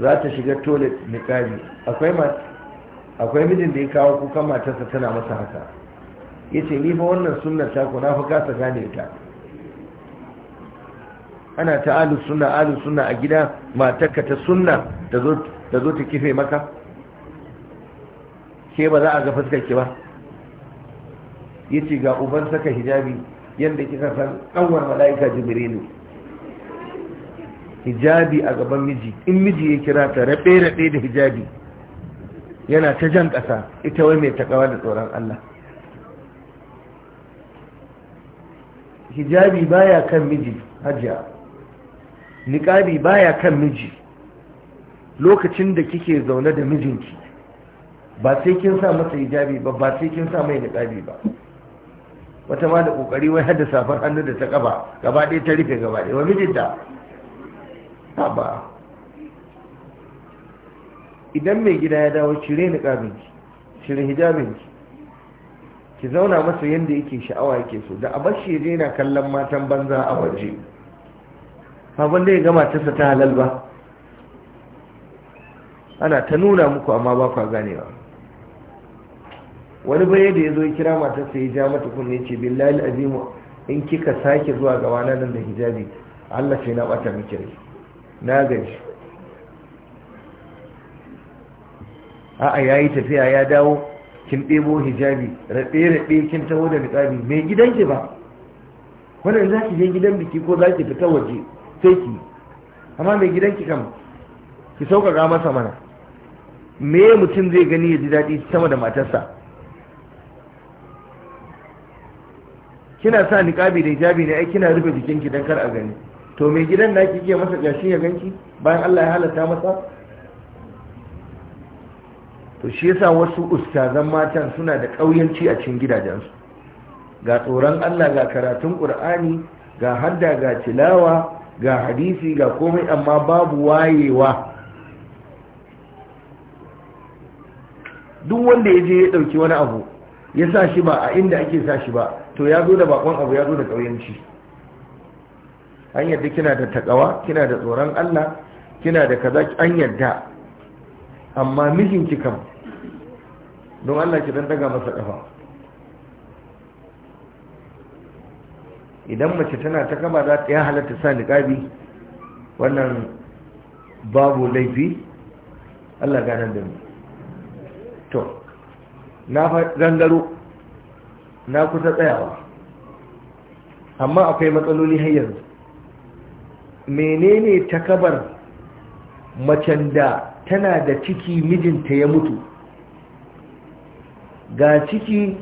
za ta shiga toilet niƙabi akwai mijin da ya kawo kukan matarsa tana masa haka ya ce nifa wannan sunan taku na fi kasa gane ta ana ta alu suna alu suna a gida matarka ta suna ta zo ta zo ta kife maka ke ba za a ga fuskarki ba ya ce ga uban saka hijabi yadda kika san kawar mala'ika jibrilu hijabi a gaban miji in miji ya kira ta rabe rabe da hijabi yana ta jan ƙasa ita wai mai takawa da tsoron Allah hijabi baya kan miji hajiya niƙabi baya kan miji lokacin da kike zaune da mijinki ba sai kin sa masa hijabi ba ba sai kin sa mai niqabi ba wata ma da kokari wai hada safar hannu da ta kaba gaba ɗaya ta rufe gaba ɗaya wa mijinta ba idan mai gida ya dawo cire niqabinki cire hijabinki ki zauna masa yadda yake sha'awa yake so da shi ya je yana kallon matan banza a waje ba da ya gama tasa ta halal ba ana ta nuna muku amma ba kwa ganewa wani bayan da ya zo ya kira matarsa ya ja mata kunne ce billahi azimu in kika sake zuwa gaba na nan da hijabi Allah sai na bata miki rai na gaji a'a yayi tafiya ya dawo kin ɗebo hijabi rabe rabe kin taho da niqabi mai gidanki ba wannan za ki je gidan biki ko za ki fita waje sai ki amma mai gidanki kam ki sauƙaƙa masa mana me mutum zai gani ya ji daɗi sama da matarsa kina sa niƙabi da hijabi ne ai kina rufe jikinki dan kar a gani to mai gidan na ki masa gashi ya ganki bayan Allah ya halatta masa to shi yasa wasu ustazan matan suna da ƙauyanci a cikin gidajensu ga tsoron Allah ga karatun Qur'ani ga hadda ga tilawa ga hadisi ga komai amma babu wayewa duk wanda ya je ya ɗauki wani abu ya sa shi ba a inda ake sa shi ba to ya zo da bakon abu ya zo da ƙauyanci an yadda kina da takawa kina da tsoron Allah kina da kaza an yadda amma mijinki kam don Allah ki dan daga masa kafa idan mace tana ta kama za ta ya halatta sa niqabi wannan babu laifi Allah ganar da mu to na zangaro na kusa tsayawa amma akwai matsaloli har yanzu menene takabar macen da tana da ciki mijinta ya mutu ga ciki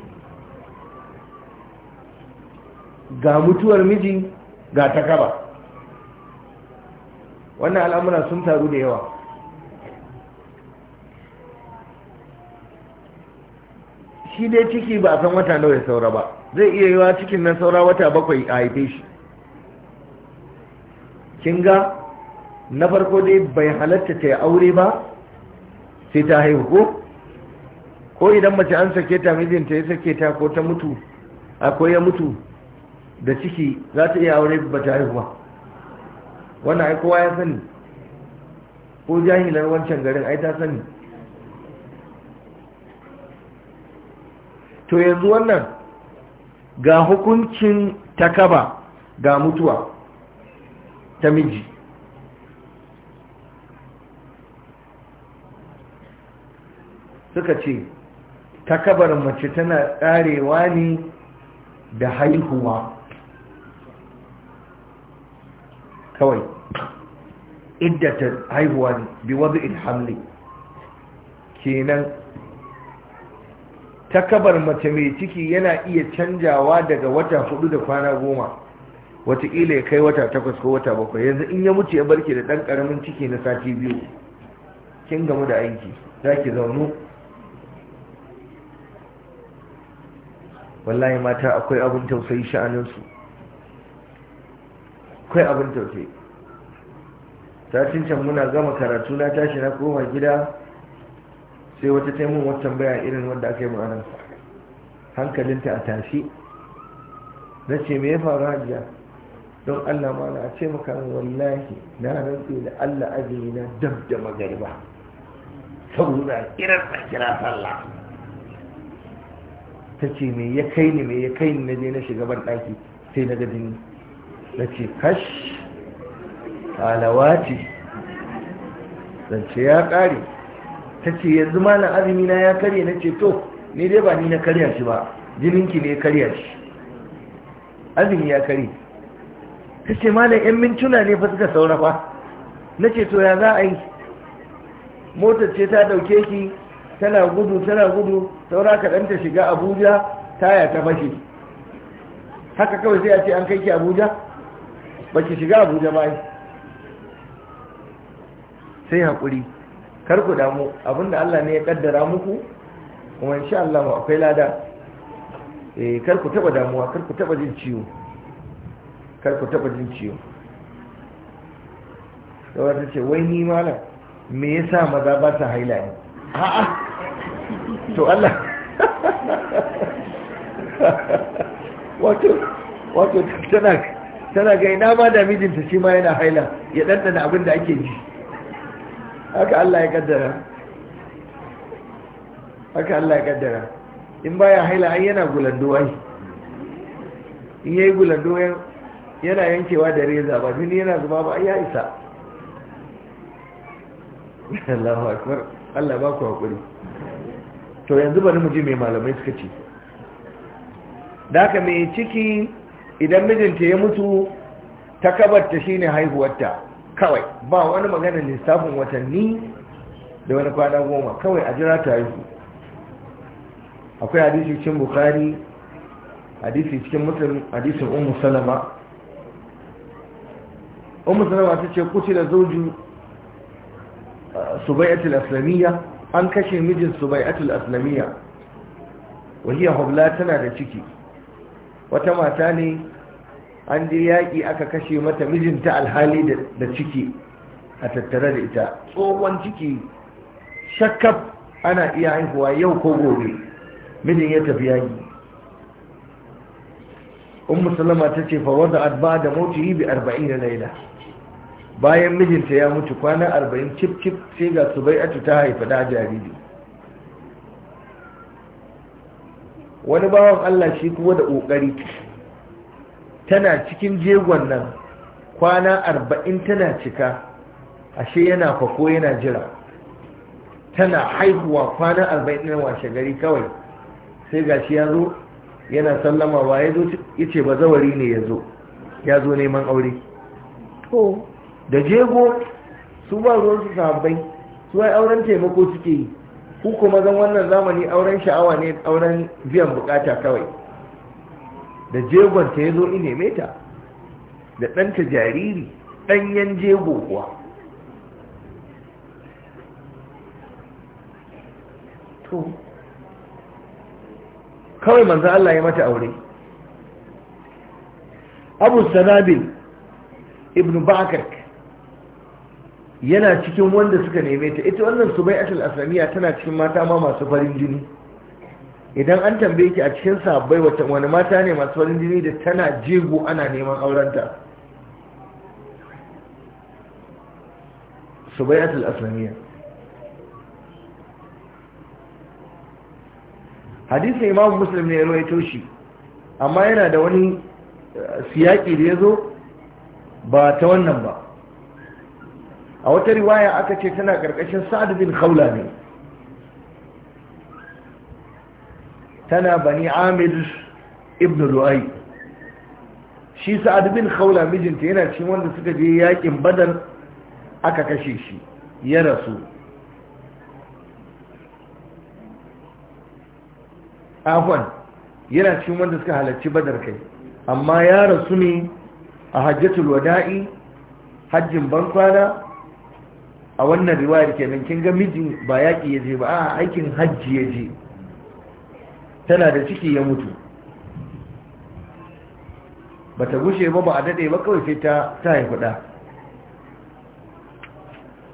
ga mutuwar miji ga takaba wannan al'amura sun taru da yawa shi dai ciki ba a san wata nawa ya saura ba zai iya yiwa cikin nan saura wata bakwai a haife shi kin ga na farko dai bai halatta ta yi aure ba sai ta haihu ko ko idan mace an sake ta mijinta ya sake ta ko ta mutu akwai ya mutu da ciki za ta iya aure ba ta haihu ba wannan ai kowa ya sani ko jahilar wancan garin ai ta sani to yanzu wannan ga hukuncin takaba ga mutuwa ta miji suka ce takabar mace tana karewa ne da haihuwa kawai iddata haihuwa ne bi ilhamli kenan takabar mace mai ciki yana iya canjawa daga wata hudu da kwana goma wataƙila ya kai wata takwas ko wata bakwai yanzu in ya mutu ya barke da ɗan ƙaramin ciki na sati biyu kin gamu da aiki za ki zaunu wallahi mata akwai abin tausayi sha'aninsu akwai abin tausayi satin can muna gama karatu na tashi na koma gida sai wata taimun watan wata irin wanda aka yi mu hankalinta a tashi na ce me faru hajiya don Allah ma na ce maka wallahi na rantsu da Allah ajiye na dab da magariba saboda irin a kira sallah ta ce me ya kai ni me ya kai ni na je na shiga ban ɗaki sai na gajini jini na ce kash alawaci zance ya ƙare ta ce yanzu malam azumi na ya karye na ce to ni dai ba ni na karya shi ba jininki ne karya shi azumi ya karye ta ce malam yan mintuna ne fa suka saura fa na ce to ya za a yi motar ce ta ɗauke ki tana gudu tana gudu saura ka ta shiga abuja taya ta fashe haka kawai sai a ce an kai ki abuja ba ki shiga abuja ba sai haƙuri kar ku damu abinda Allah ne ya kaddara muku kuma insha Allah akwai lada eh kar ku taba damuwa kar ku taba jin ciwo kar ku taba jin ciwo da wata ce wai ni malam me yasa maza ba su haila ne a'a to Allah wato wato tana tana ga ina ba da mijinta shi ma yana haila ya dandana abin da ake ji haka Allah ya kaddara haka Allah ya kaddara in baya haila ai yana gulando ai in yayi gulando yana yankewa da reza ba jini yana zuba ba ai ya isa Allahu akbar Allah ba ku hakuri to yanzu bari mu ji mai malamai suka ce da haka mai ciki idan mijinta ya mutu ta kabarta shine haihuwarta kawai ba wani magana lissafin watanni da wani kwana goma kawai a jira tarihi akwai hadisi cikin bukari hadisi cikin mutum hadisin umu salama umu salama ta ce kuci da zoju uh, subai'atul aslamiyya an kashe mijin subai'atul aslamiyya wahiyar hubla tana da ciki wata mata ne an je yaƙi aka kashe mata mijinta alhali da ciki a tattare da ita tsohon ciki shakkaf ana iya haihuwa yau ko gobe mijin ya tafi yaƙi ummu salama ta ce da adba da mauti bi arba'in da laila bayan mijinta ya mutu kwana arba'in cif cif sai ga su subai'atu ta haifa da jariri wani bawan allah shi kuma da ƙoƙari tana cikin jegon nan kwana arba'in tana cika ashe yana kwako yana jira tana haihuwa kwana arba'in na washe gari kawai sai gashi ya zo yana sallama ba ya zo ya ce ba zawari ne ya zo ya zo neman aure to da jego su ba zuwan su sahabbai su ai auren taimako suke yi ku kuma zan wannan zamani auren sha'awa ne auren biyan bukata kawai da jegonta ya zo ineme ta da ɗanta jariri ɗanyen jego kuwa to kawai manzan Allah ya mata aure abu sanabil ibn bakar yana cikin wanda suka neme ta ita wannan subai ashal asamiya tana cikin mata ma masu farin jini idan an tambaye ki a cikin sabbai wata wani mata ne masu farin jini da tana jego ana neman aurenta su subayatul aslamiyya hadisin imam muslim ne ya rawaito shi amma yana da wani eh, siyaki da ya zo ba ta wannan ba a wata riwaya aka ce tana karkashin sa'ad bin khaula ne tana bani amir ibn lu'ai shi sa'ad bin khawla mijinta yana cikin wanda suka je yakin badar aka kashe shi ya rasu afwan yana cikin wanda suka halarci badar kai amma ya rasu ne a hajjatul wada'i hajjin bankwana a wannan riwayar kenan kin ga miji ba yaki yaje ba a aikin hajji ya je tana da ciki ya mutu ba ta gushe ba ba a daɗe ba kawai sai ta haifi ɗa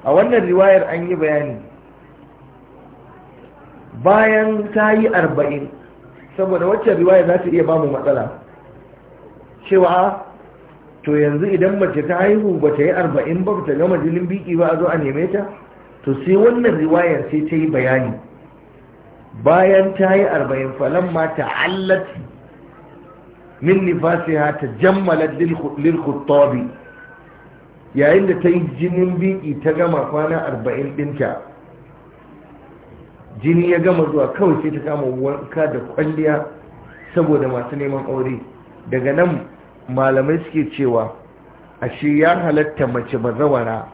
a wannan riwayar an yi bayani bayan ta yi arba'in saboda waccan riwayar za ta iya ba mu matsala cewa to yanzu idan mace ta haihu ba ta yi arba'in ba ta gama jinin biki ba a zo a neme ta to sai wannan riwayar sai ta yi bayani bayan ta yi arba'in falon ma ta'allat min ha ta jammala lilkutobi yayin da ta yi jinin biki ta gama kwana arba'in ɗinta jini ya gama zuwa kawai sai ta kama wanka da kwalliya saboda masu neman aure daga nan malamai suke cewa ashe ya halatta mace bazawara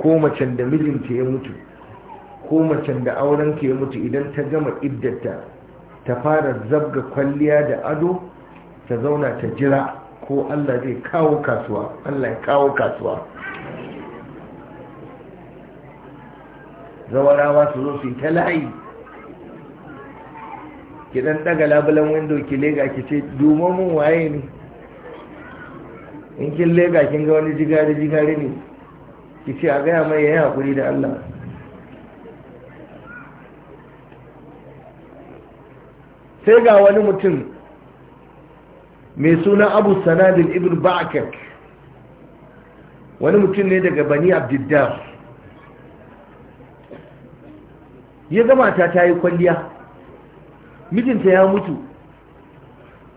ko macen da mijinta ya mutu ko macen da auren ke mutu idan ta gama iddata ta fara zabga kwalliya da ado ta zauna ta jira ko Allah zai kawo kasuwa Allah ya kawo kasuwa zawarawa su zo su yi ta layi ki dan daga labulan window ki lega ki ce domin mun waye ne in kin lega kin ga wani jigare jigare ne ki ce a gaya mai yayi hakuri da Allah sai ga wani mutum mai suna abu sanadin ibn ba'akak wani mutum ne daga bani abdiddar ya gama ta ta yi kwalliya mijinta ya mutu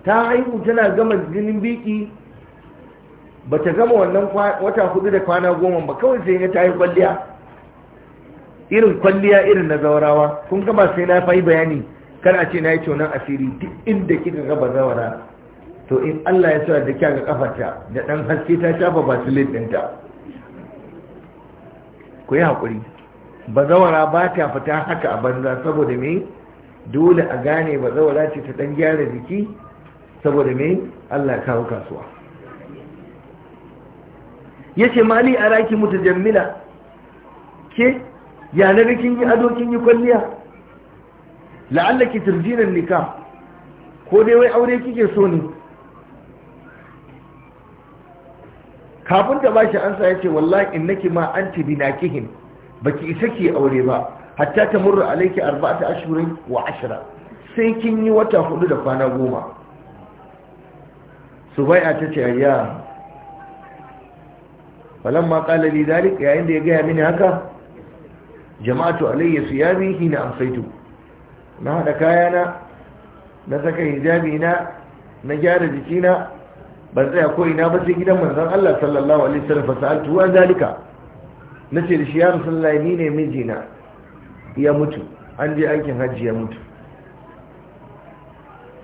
ta haihu tana gama jinin biki ba ta gama wannan wata hudu da kwana goma ba kawai sai ya ta yi kwalliya irin kwalliya irin na zaurawa kun gama sai na fayi bayani kar a ce na yi tonon asiri duk inda kika gaba zawara to in Allah ya sa da kyaga ga kafarta da dan haske ta shafa basilin ɗinta ku yi haƙuri bazawara ba ta fita haka a banza saboda me dole a gane bazawara ce ta ɗan gyara jiki saboda me Allah kawo kasuwa ya ce mali a raki mutajammila ke yanar kin yi ado kin yi kwalliya la'allaki turjinan nika ko dai wai aure kike so ne kafin ta bashi ansa yace wallahi innaki ma anti binakihin baki isa ki aure ba hatta ta murra alayki arba'ata ashurin wa ashira. sai kin yi wata hudu da kwana goma subai'a tace ayya ma qala li dalik yayin da ya gaya mini haka jama'atu alayya siyami hina amsaitu na haɗa kayana na saka hijabi na na gyara jikina ban tsaya ko ina ba sai gidan manzon Allah sallallahu alaihi wasallam fa sa'altu an zalika nace da shi ya ni ne mijina ya mutu an je aikin hajji ya mutu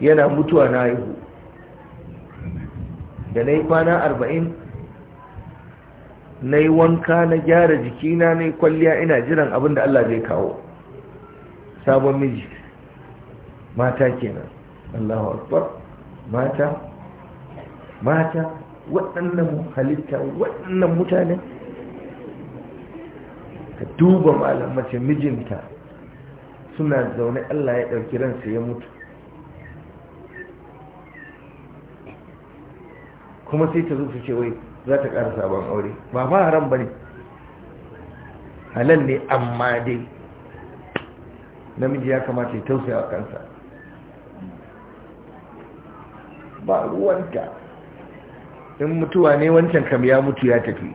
yana mutuwa na haihu da na yi kwana arba'in na yi wanka na gyara jikina na kwalliya ina jiran abin da Allah zai kawo sabon miji mata kenan Allahu akbar mata mata waɗannan halitta waɗannan mutane ka duba malam mace mijinta suna zaune Allah ya ɗauki ransa ya mutu kuma sai ta zo ce wai za ta ƙara sabon aure ba ma haram ba ne halal ne amma dai namiji ya kamata ya tausaya a kansa ba ruwanta in mutuwa ne wancan kam ya mutu ya tafi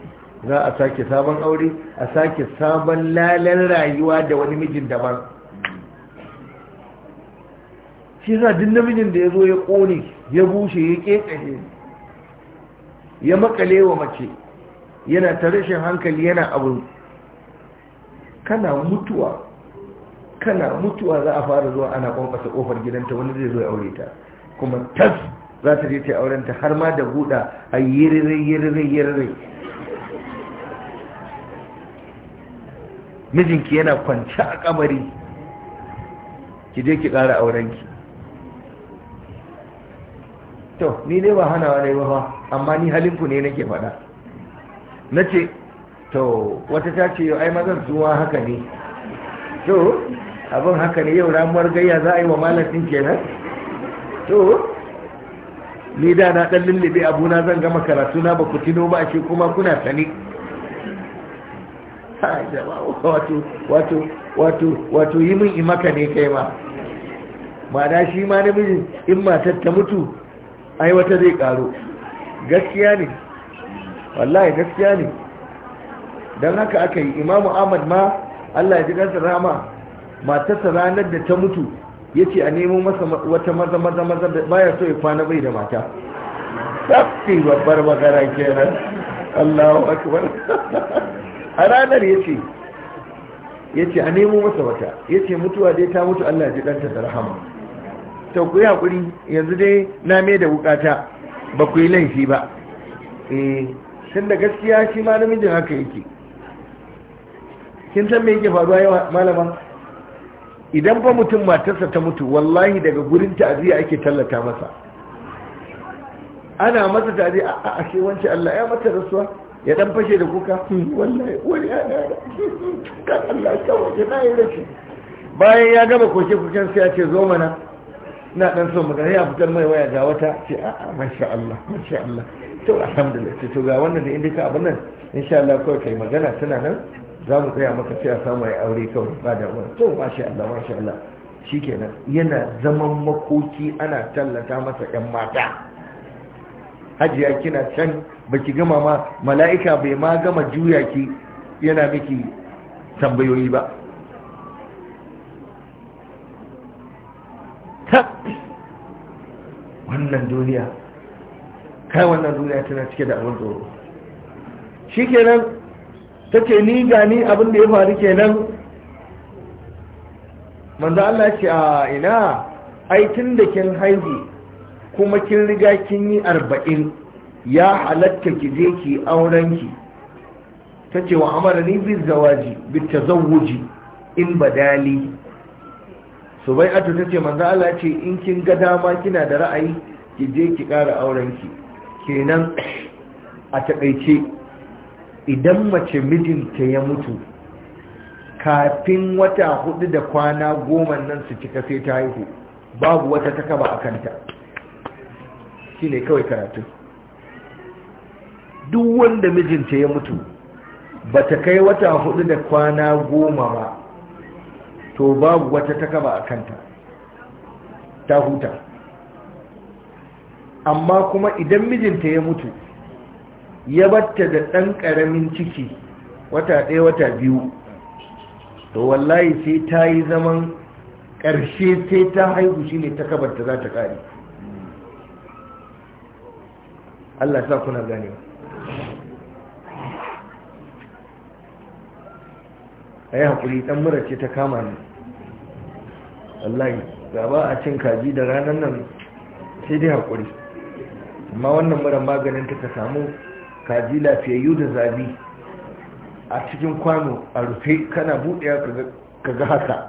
za a sake sabon aure a sake sabon lalar rayuwa da wani mijin daban shi sa duk namijin da ya zo ya ƙone ya bushe ya ƙeƙe ya makale wa mace yana ta rashin hankali yana abu kana mutuwa kana mutuwa za a fara zuwa ana ƙwanƙasa ƙofar gidanta wani zai zo ya aure ta kuma tas za ta je ta auren ta har ma da buɗa a yi rirai yirire rirai mijinki yana kwance a kamari ki je ki ƙara aurenki to ni ne ba hana wani ba amma ni halinku ne nake faɗa na ce to wata ta ce yau ai mazan zuwa haka ne to abin haka ne yau ramuwar gayya za a yi wa malatin kenan to ni da na dan lullube abuna zan gama karatu na ba ku tino ba ce kuma kuna sani wato wato wato wato yi min imaka ne kai ma ma'ana shi ma namijin in matar ta mutu ai wata zai karo gaskiya ne wallahi gaskiya ne don haka aka yi imamu ahmad ma allah ya ji kansa rama matarsa ranar da ta mutu ya ce a nemo masa wata maza maza maza da baya so ya kwana bai da mata tafi babbar magana kenan allahu akbar a ranar ya ce ya ce a nemo masa wata ya ce mutuwa dai ta mutu allah ji ɗanta da rahama ta ku yi haƙuri yanzu dai na me da wukata ba ku yi laifi ba e tun da gaskiya shi ma namijin haka yake kin san me yake faruwa yawa malama idan ba mutum matarsa ta mutu wallahi daga gurin ta'aziyya ake tallata masa ana masa ta'aziyya a ashe wancan Allah ya mata rasuwa ya dan fashe da kuka hmm. wallahi wani ya da kan Allah ta waje na yi rashi bayan ya gama koke kuken sai ya ce zo mana na dan so magana ya fitar mai waya ga wata ce a masha Allah masha Allah to alhamdulillah to ga wannan da indika abin nan insha Allah kawai kai magana tana nan za mu tsaya maka sai a samu ya aure kawai ba da wani to ba shi Allah ba shi Allah Shi kenan yana zaman makoki ana tallata masa yan mata hajiya kina can baki gama ma mala'ika bai ma gama juya ki yana miki tambayoyi ba ta wannan duniya kai wannan duniya tana cike da abin tsoro shi shikenan ta ce ni gani abin da ya faru kenan manzo Allah ce a ina ai tun da kin haihu kuma kin riga kin yi arba'in ya halatta ki je ki auren ki ta ce wa amara ni bi zawaji bi tazawuji in badali subai'atu ta ce manzo Allah ce in kin ga dama kina da ra'ayi ki je ki ƙara auren ki kenan a taƙaice idan mace mijinta ya mutu kafin wata hudu da kwana goma nan su cika sai ta haihu babu wata takaba a kanta shi ne kawai karatu duk wanda mijinta ya mutu ba ta kai wata hudu da kwana goma ba to babu wata takaba a kanta ta huta amma kuma idan mijinta ya mutu ya batta da ɗan ƙaramin ciki wata ɗaya wata biyu to wallahi sai ta yi zaman ƙarshe sai ta haihu shi ne ta kabarta za ta ƙari Allah sa kuna gane a yi haƙuri ɗan mura ce ta kama ne wallahi gaba a cin kaji da ranar nan sai dai haƙuri amma wannan mura maganin ta samu kaji lafiyayyu da zabi a cikin kwano a rufe kana buɗewa kaga haka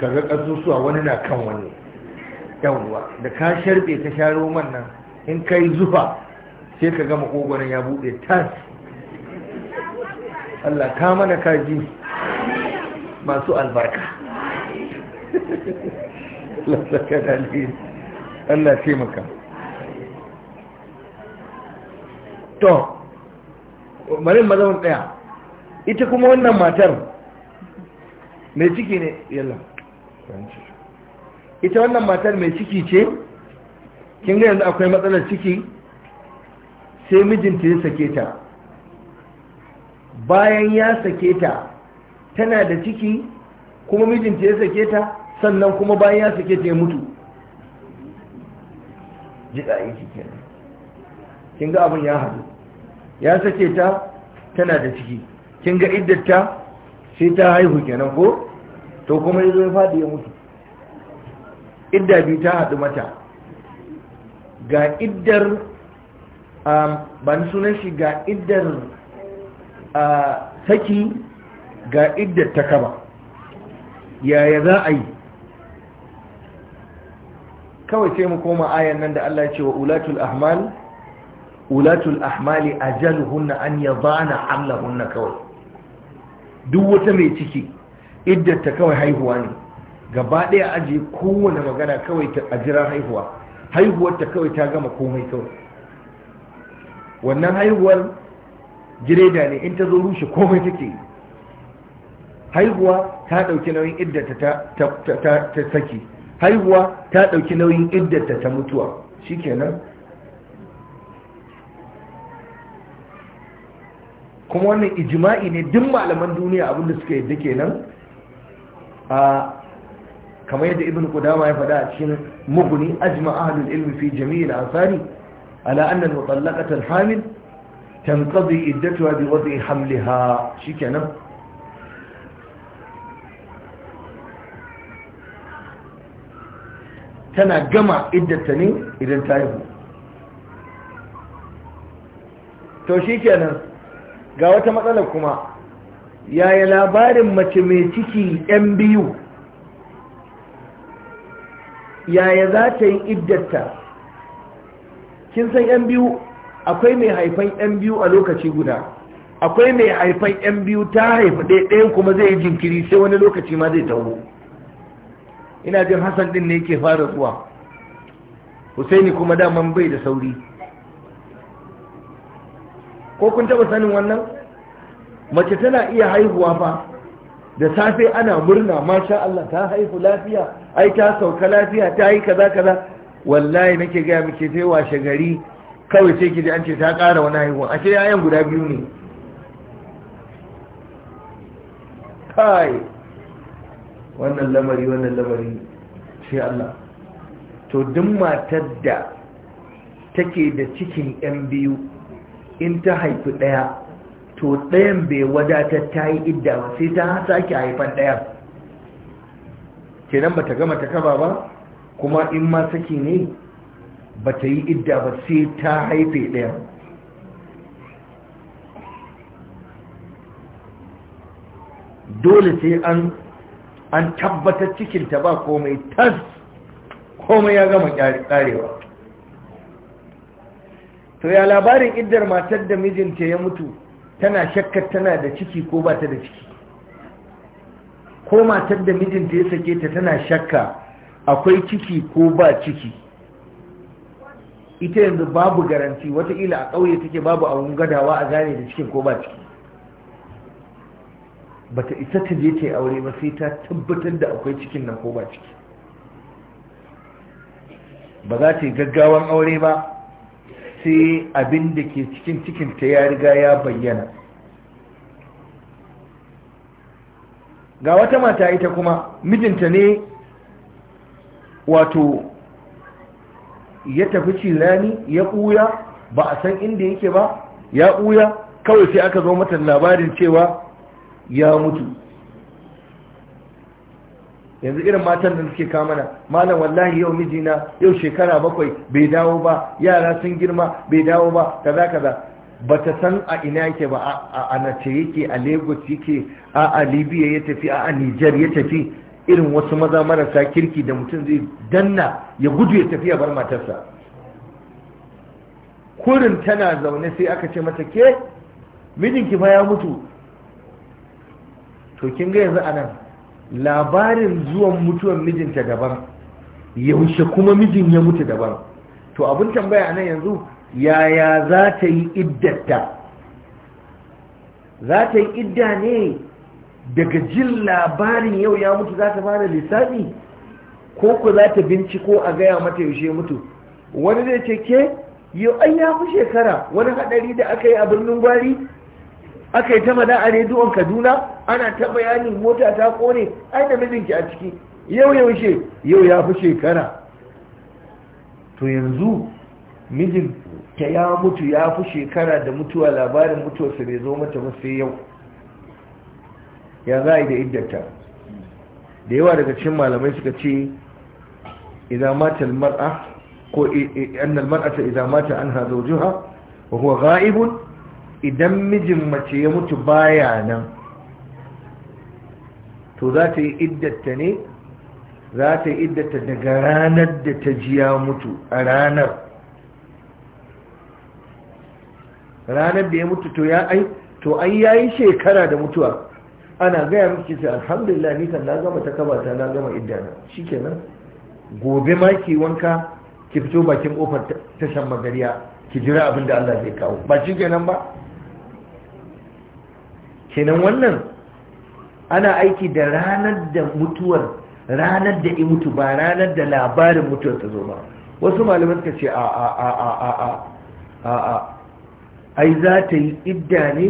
kaga ƙasusuwa wani na kan wani yawwa da ka sharbe ta sharo man nan in yi zufa sai ka gama ƙogonin ya buɗe tas Allah ka mana kaji masu albarka Allah taimaka to marin mazaun ɗaya ita kuma wannan matar mai ciki ne yalla ita wannan matar mai ciki ce kin ga yanzu akwai matsalar ciki sai mijinta ya sake ta bayan ya sake ta tana da ciki kuma mijinta ya sake ta sannan kuma bayan ya sake ta ya mutu jiɗa yake kenan kin ga abin ya haɗu ya sake ta tana da ciki kin ga iddata sai ta haihu kenan ko to kuma yazo ya fadi ya mutu idda bi ta hadu mata ga iddar um, ban sunan shi ga iddar uh, saki ga iddar ta kaba yaya za a yi kawai sai mu koma ayan nan da Allah ya ce wa ulatul ahmal ulatul ahmali ajaluhunna an yadana hamlahunna kawai duk wata mai ciki iddata kawai haihuwa ne gaba ɗaya ajiye kowane magana kawai a jiran haihuwa haihuwar ta kawai ta gama komai kawai wannan haihuwar jireda ne in ta zo rushe komai take haihuwa ta ɗauki nauyin iddata ta saki haihuwa ta ɗauki nauyin iddata ta mutuwa shikenan kuma wannan ijma'i ne duk malaman duniya abinda suka yadda kenan a kamar yadda ibn qudama ya faɗa a cikin mughni ajma ahlul ilmi fi jami'il asari ala anna al-mutallaqata al-hamil tanqadi iddatuha bi wad'i hamliha shikenan tana gama iddata ne idan ta haihu to shi ga wata matsalar kuma yaya labarin mace mai ciki yan biyu yaya za ta yi iddata kin san yan biyu akwai mai haifan yan biyu a lokaci guda akwai mai haifan yan biyu ta ɗaya-ɗaya kuma zai yi jinkiri sai wani lokaci ma zai taho ina jin hassan ɗin ne yake fara zuwa husaini kuma daman bai da sauri ko kun taba sanin wannan mace tana iya haihuwa fa da safe ana murna masha Allah ta haihu lafiya ai ta sauka lafiya ta yi kaza kaza wallahi nake ga muke sai washe gari kawai sai kiji an ce ta ƙara wani haihuwa ashe yayan guda biyu ne kai wannan lamari wannan lamari sai Allah to duk matar da take da cikin yan biyu in ta haifi ɗaya to ɗayan bai wadatar ta yi idda ba sai ta sake haifan ɗayan kenan ba ta gama ta kaba ba kuma in ma saki ne ba ta yi idda ba sai ta haife ɗayan dole sai an an tabbatar cikinta ba komai tas komai ya gama ƙarewa to ya labarin iddar matar da mijinta ya mutu tana shakkar tana da ciki ko ba ta da ciki ko matar da mijinta ya sake ta tana shakka akwai ciki ko ba ciki ita yanzu babu garanti wataƙila a ƙauye take babu a gadawa a gane da cikin ko ba ciki Ba ta isa ta je ta yi aure ba sai ta tabbatar da akwai cikin nan ko ba ciki ba za ta yi gaggawan aure ba sai abin da ke cikin cikinta ya riga ya bayyana ga wata mata ita kuma mijinta ne wato ya tafi cilani ya ɓuya ba a san inda yake ba ya ɓuya kawai sai aka zo mata labarin cewa ya mutu yanzu irin matan da suke kamana malam wallahi yau mijina yau shekara bakwai bai dawo ba yara sun girma bai dawo ba kaza kaza ba ta san a ina yake ba a nace yake a lagos yake a libya ya tafi a niger ya tafi irin wasu maza marasa kirki da mutum zai danna ya gudu ya tafi ya bar matarsa kurin tana zaune sai aka ce mata ke mijinki ba ya mutu to kin ga yanzu anan labarin zuwan mutuwan mijinta daban yaushe kuma mijin ya mutu daban to abin tambaya nan yanzu yaya za ta yi iddata za ta yi idda ne daga jin labarin yau ya mutu za ta fara lissafi ko ku za ta binciko a gaya mata yaushe mutu wani zai ce ke yau an ya fi shekara wani haɗari da aka yi a birnin gwari aka yi ta mada a rediyon kaduna ana ta bayanin mota ta kone ai da mijinki a ciki yau yaushe yau ya fi shekara to yanzu mijin ta ya mutu ya fi shekara da mutuwa labarin mutuwarsa bai zo mata masu sai yau ya za da iddata da yawa daga cikin malamai suka ce idan mar'a ko annal mar'ata idan mata an hazo juha wa huwa ga'ibun idan mijin mace ya mutu baya nan to za ta yi iddata ne za ta yi iddata daga ranar da ta ji ya mutu a ranar ranar da ya mutu to ya ai to ai yayi shekara da mutuwa ana gaya miki sai alhamdulillah ni kan na gama ta kabata na gama iddana shikenan gobe ma ki wanka ki fito bakin kofar tashan magariya ki jira abin da Allah zai kawo ba shikenan ba kenan wannan ana aiki da ranar da mutuwar ranar da ya mutu ba ranar da labarin mutuwar ta zo ba wasu malaman suka ce a a a a a a a a ai za ta yi idda ne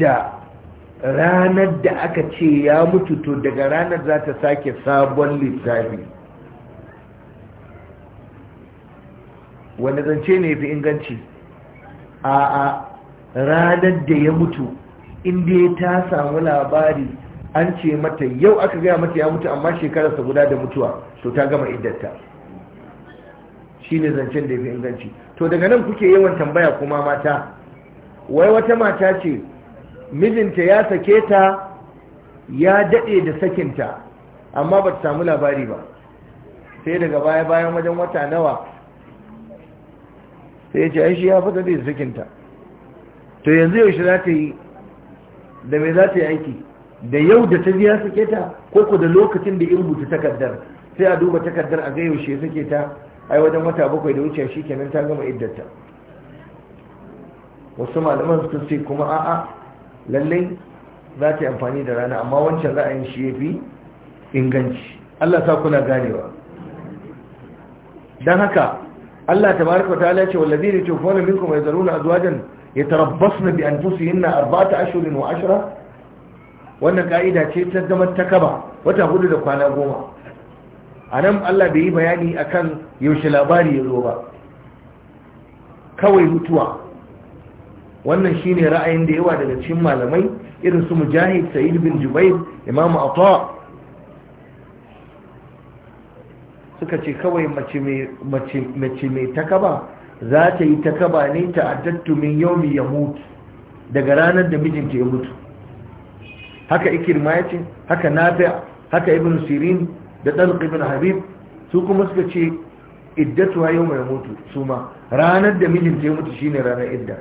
da ranar da aka ce ya mutu to daga ranar za ta sake sabon lissafi wanda zance ne fi inganci a a ranar da ya mutu inda ta samu labari an ce mata yau aka gaya mata ya mutu amma shekararsa guda da mutuwa to ta gama iddata shi ne zancen da ya fi inganci to daga nan kuke yawan tambaya kuma mata wai wata mata ce mijinta ya sake ta ya daɗe da sakinta amma ba ta samu labari ba sai daga baya bayan wajen wata nawa sai ya ce shi ya fata da sakinta to yanzu yaushe za ta yi da me za ta yi aiki da yau da ta biya suke ta ko ko da lokacin da ya rubuta takardar sai a duba takardar a ga yaushe suke ta ai wajen wata bakwai da wuce shi kenan ta gama iddata wasu malaman sun ce kuma a'a lallai za ta yi amfani da rana amma wancan ra'ayin shi ya fi inganci Allah sa kuna ganewa dan haka Allah ta wa ta ya ce wallazi ne ce kwanan minkum ya zaruna azwajan yatarabbasna bi anfusihinna arba'ata ashhurin wa ashra wannan ka'ida ce ta zaman takaba wata hudu da kwana goma anan Allah bai yi bayani akan yaushe labari ya zo ba kawai mutuwa wannan shine ra'ayin da yawa daga cikin malamai irin su mujahid sa'id bin jubair imamu ata suka ce kawai mace mai takaba za ta yi ta kaba ne ta adattu min yaumi ya mutu daga ranar da mijinta ya mutu haka ikirma ya ce haka nafi haka ibn sirin da ɗan ibn habib su kuma suka ce iddatuwa yau mai mutu su ma ranar da mijinta ya mutu shine ranar idda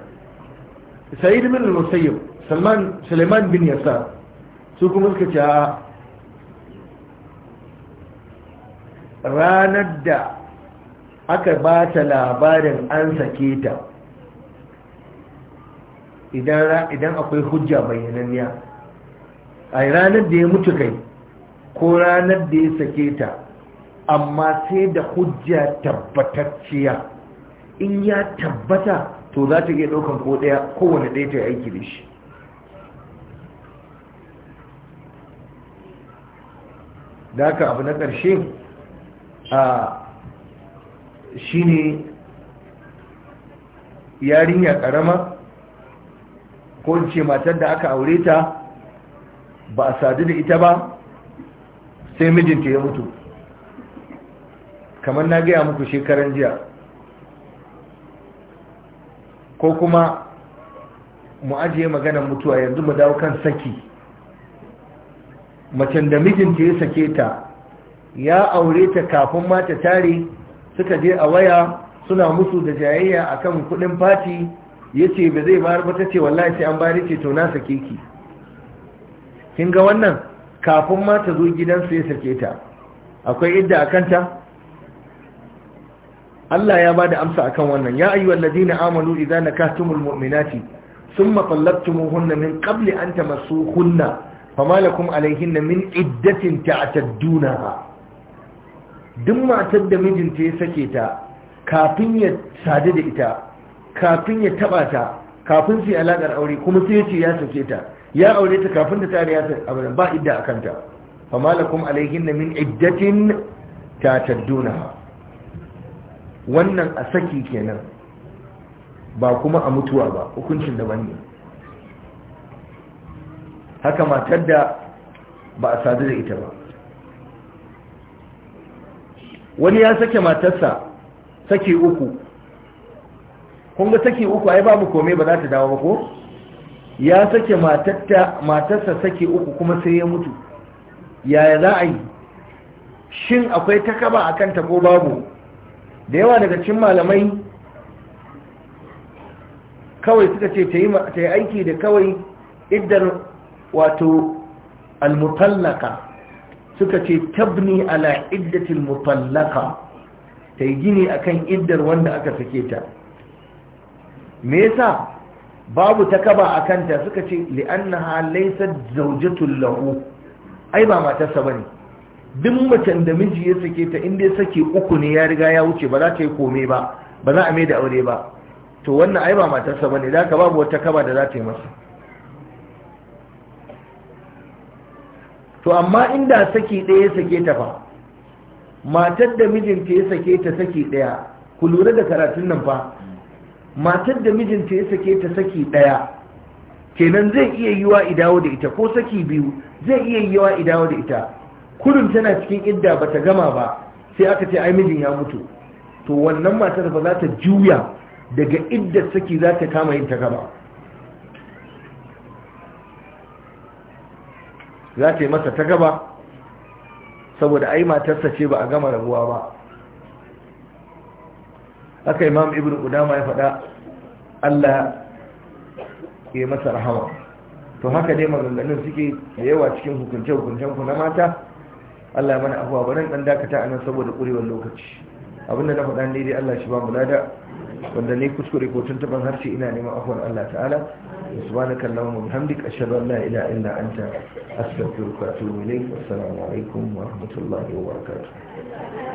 sa'id bin al-musayyib salman suleiman bin yasa su kuma suka ce ranar da aka ba ta labarin an sake ta idan akwai hujja bayyananniya a ranar da ya mutu kai ko ranar da ya sake ta amma sai da hujja tabbatacciya in ya tabbata to za ta iya ɗaukan ko ɗaya kowane ɗaya ta yi aiki da shi da haka abu na ƙarshe a shine yarinya karama ko ce matar da aka aure ta ba a sadu da ita ba sai mijinta ya mutu kamar na gaya muku shekaran jiya ko kuma mu ajiye maganar mutuwa yanzu mu dawo kan saki macen da mijinta ya sake ta ya aure ta kafin mata tare suka je a waya suna musu da jayayya akan kudin fati yace ba zai bayar ba tace wallahi sai an bayar ce to na sake ki kin ga wannan kafin ma ta zo gidansu ya sake ta akwai idda kanta? Allah ya bada amsa akan wannan ya ayyuhal ladina amanu idza nakahtumul mu'minati thumma tallaqtumuhunna min qabli an tamassuhunna fama lakum alayhinna min iddatin ta'tadunaha duk matar da mijinta ya sake ta kafin ya sadu da ita kafin ya taba ta kafin su yi alaƙar aure kuma sai ya ce ya sake ta ya aure ta kafin ta tare ya sake abin ba idda a kanta fa malakum alaihin na min iddatin ta tadduna wannan a saki kenan ba kuma a mutuwa ba hukuncin da ne haka matar da ba a sadu da ita ba wani ya sake matarsa sake uku kun ga sake uku ai babu komai ba za ta dawo ko ya sake matarsa sake uku kuma sai ya mutu yaya za a yi shin akwai takaba a kanta ko babu da yawa daga cin malamai kawai suka ce ta yi aiki da kawai iddar wato almutallaka suka ce tabni ala iddatil mutallaka ta yi gini akan iddar wanda aka sake ta me yasa babu takaba a kanta suka ce ha laysat zaujatun lahu ai ba matarsa ba ne. duk macen da miji ya sake ta inda ya sake uku ne ya riga ya wuce ba za ta yi kome ba ba za a mai da aure ba to wannan ai ba matarsa ba ne. da ka babu wata kaba da za ta yi masa to amma inda saki ɗaya sake ta fa matar da mijinta ya sake ta saki ɗaya ku lura da karatun nan fa matar da mijinta ya sake ta saki ɗaya kenan zai iya yiwa idawo da ita ko saki biyu zai iya yiwa idawo da ita kudin tana cikin idda ba ta gama ba sai aka ce ai mijin ya mutu to wannan matar ba za ta juya daga idda saki za ta kama yin ta gama. za ta yi masa ta gaba saboda ai matarsa ce ba a gama rabuwa ba yi imam ibn qudama ya faɗa Allah ya yi masa rahama to haka dai maganganun suke da yawa cikin hukunce hukuncen ku na mata Allah ya mana abuwa ba nan dan dakata nan saboda ƙurewar lokaci abinda na faɗa ne dai Allah shi ba mu lada wanda ne kuskure ko tuntuban harshe ina neman afuwar Allah ta'ala subhanaka allahumma bihamdika ashhadu an la ilaha illa anta astaghfiruka wa atubu ilayk assalamu alaikum wa rahmatullahi wa barakatuh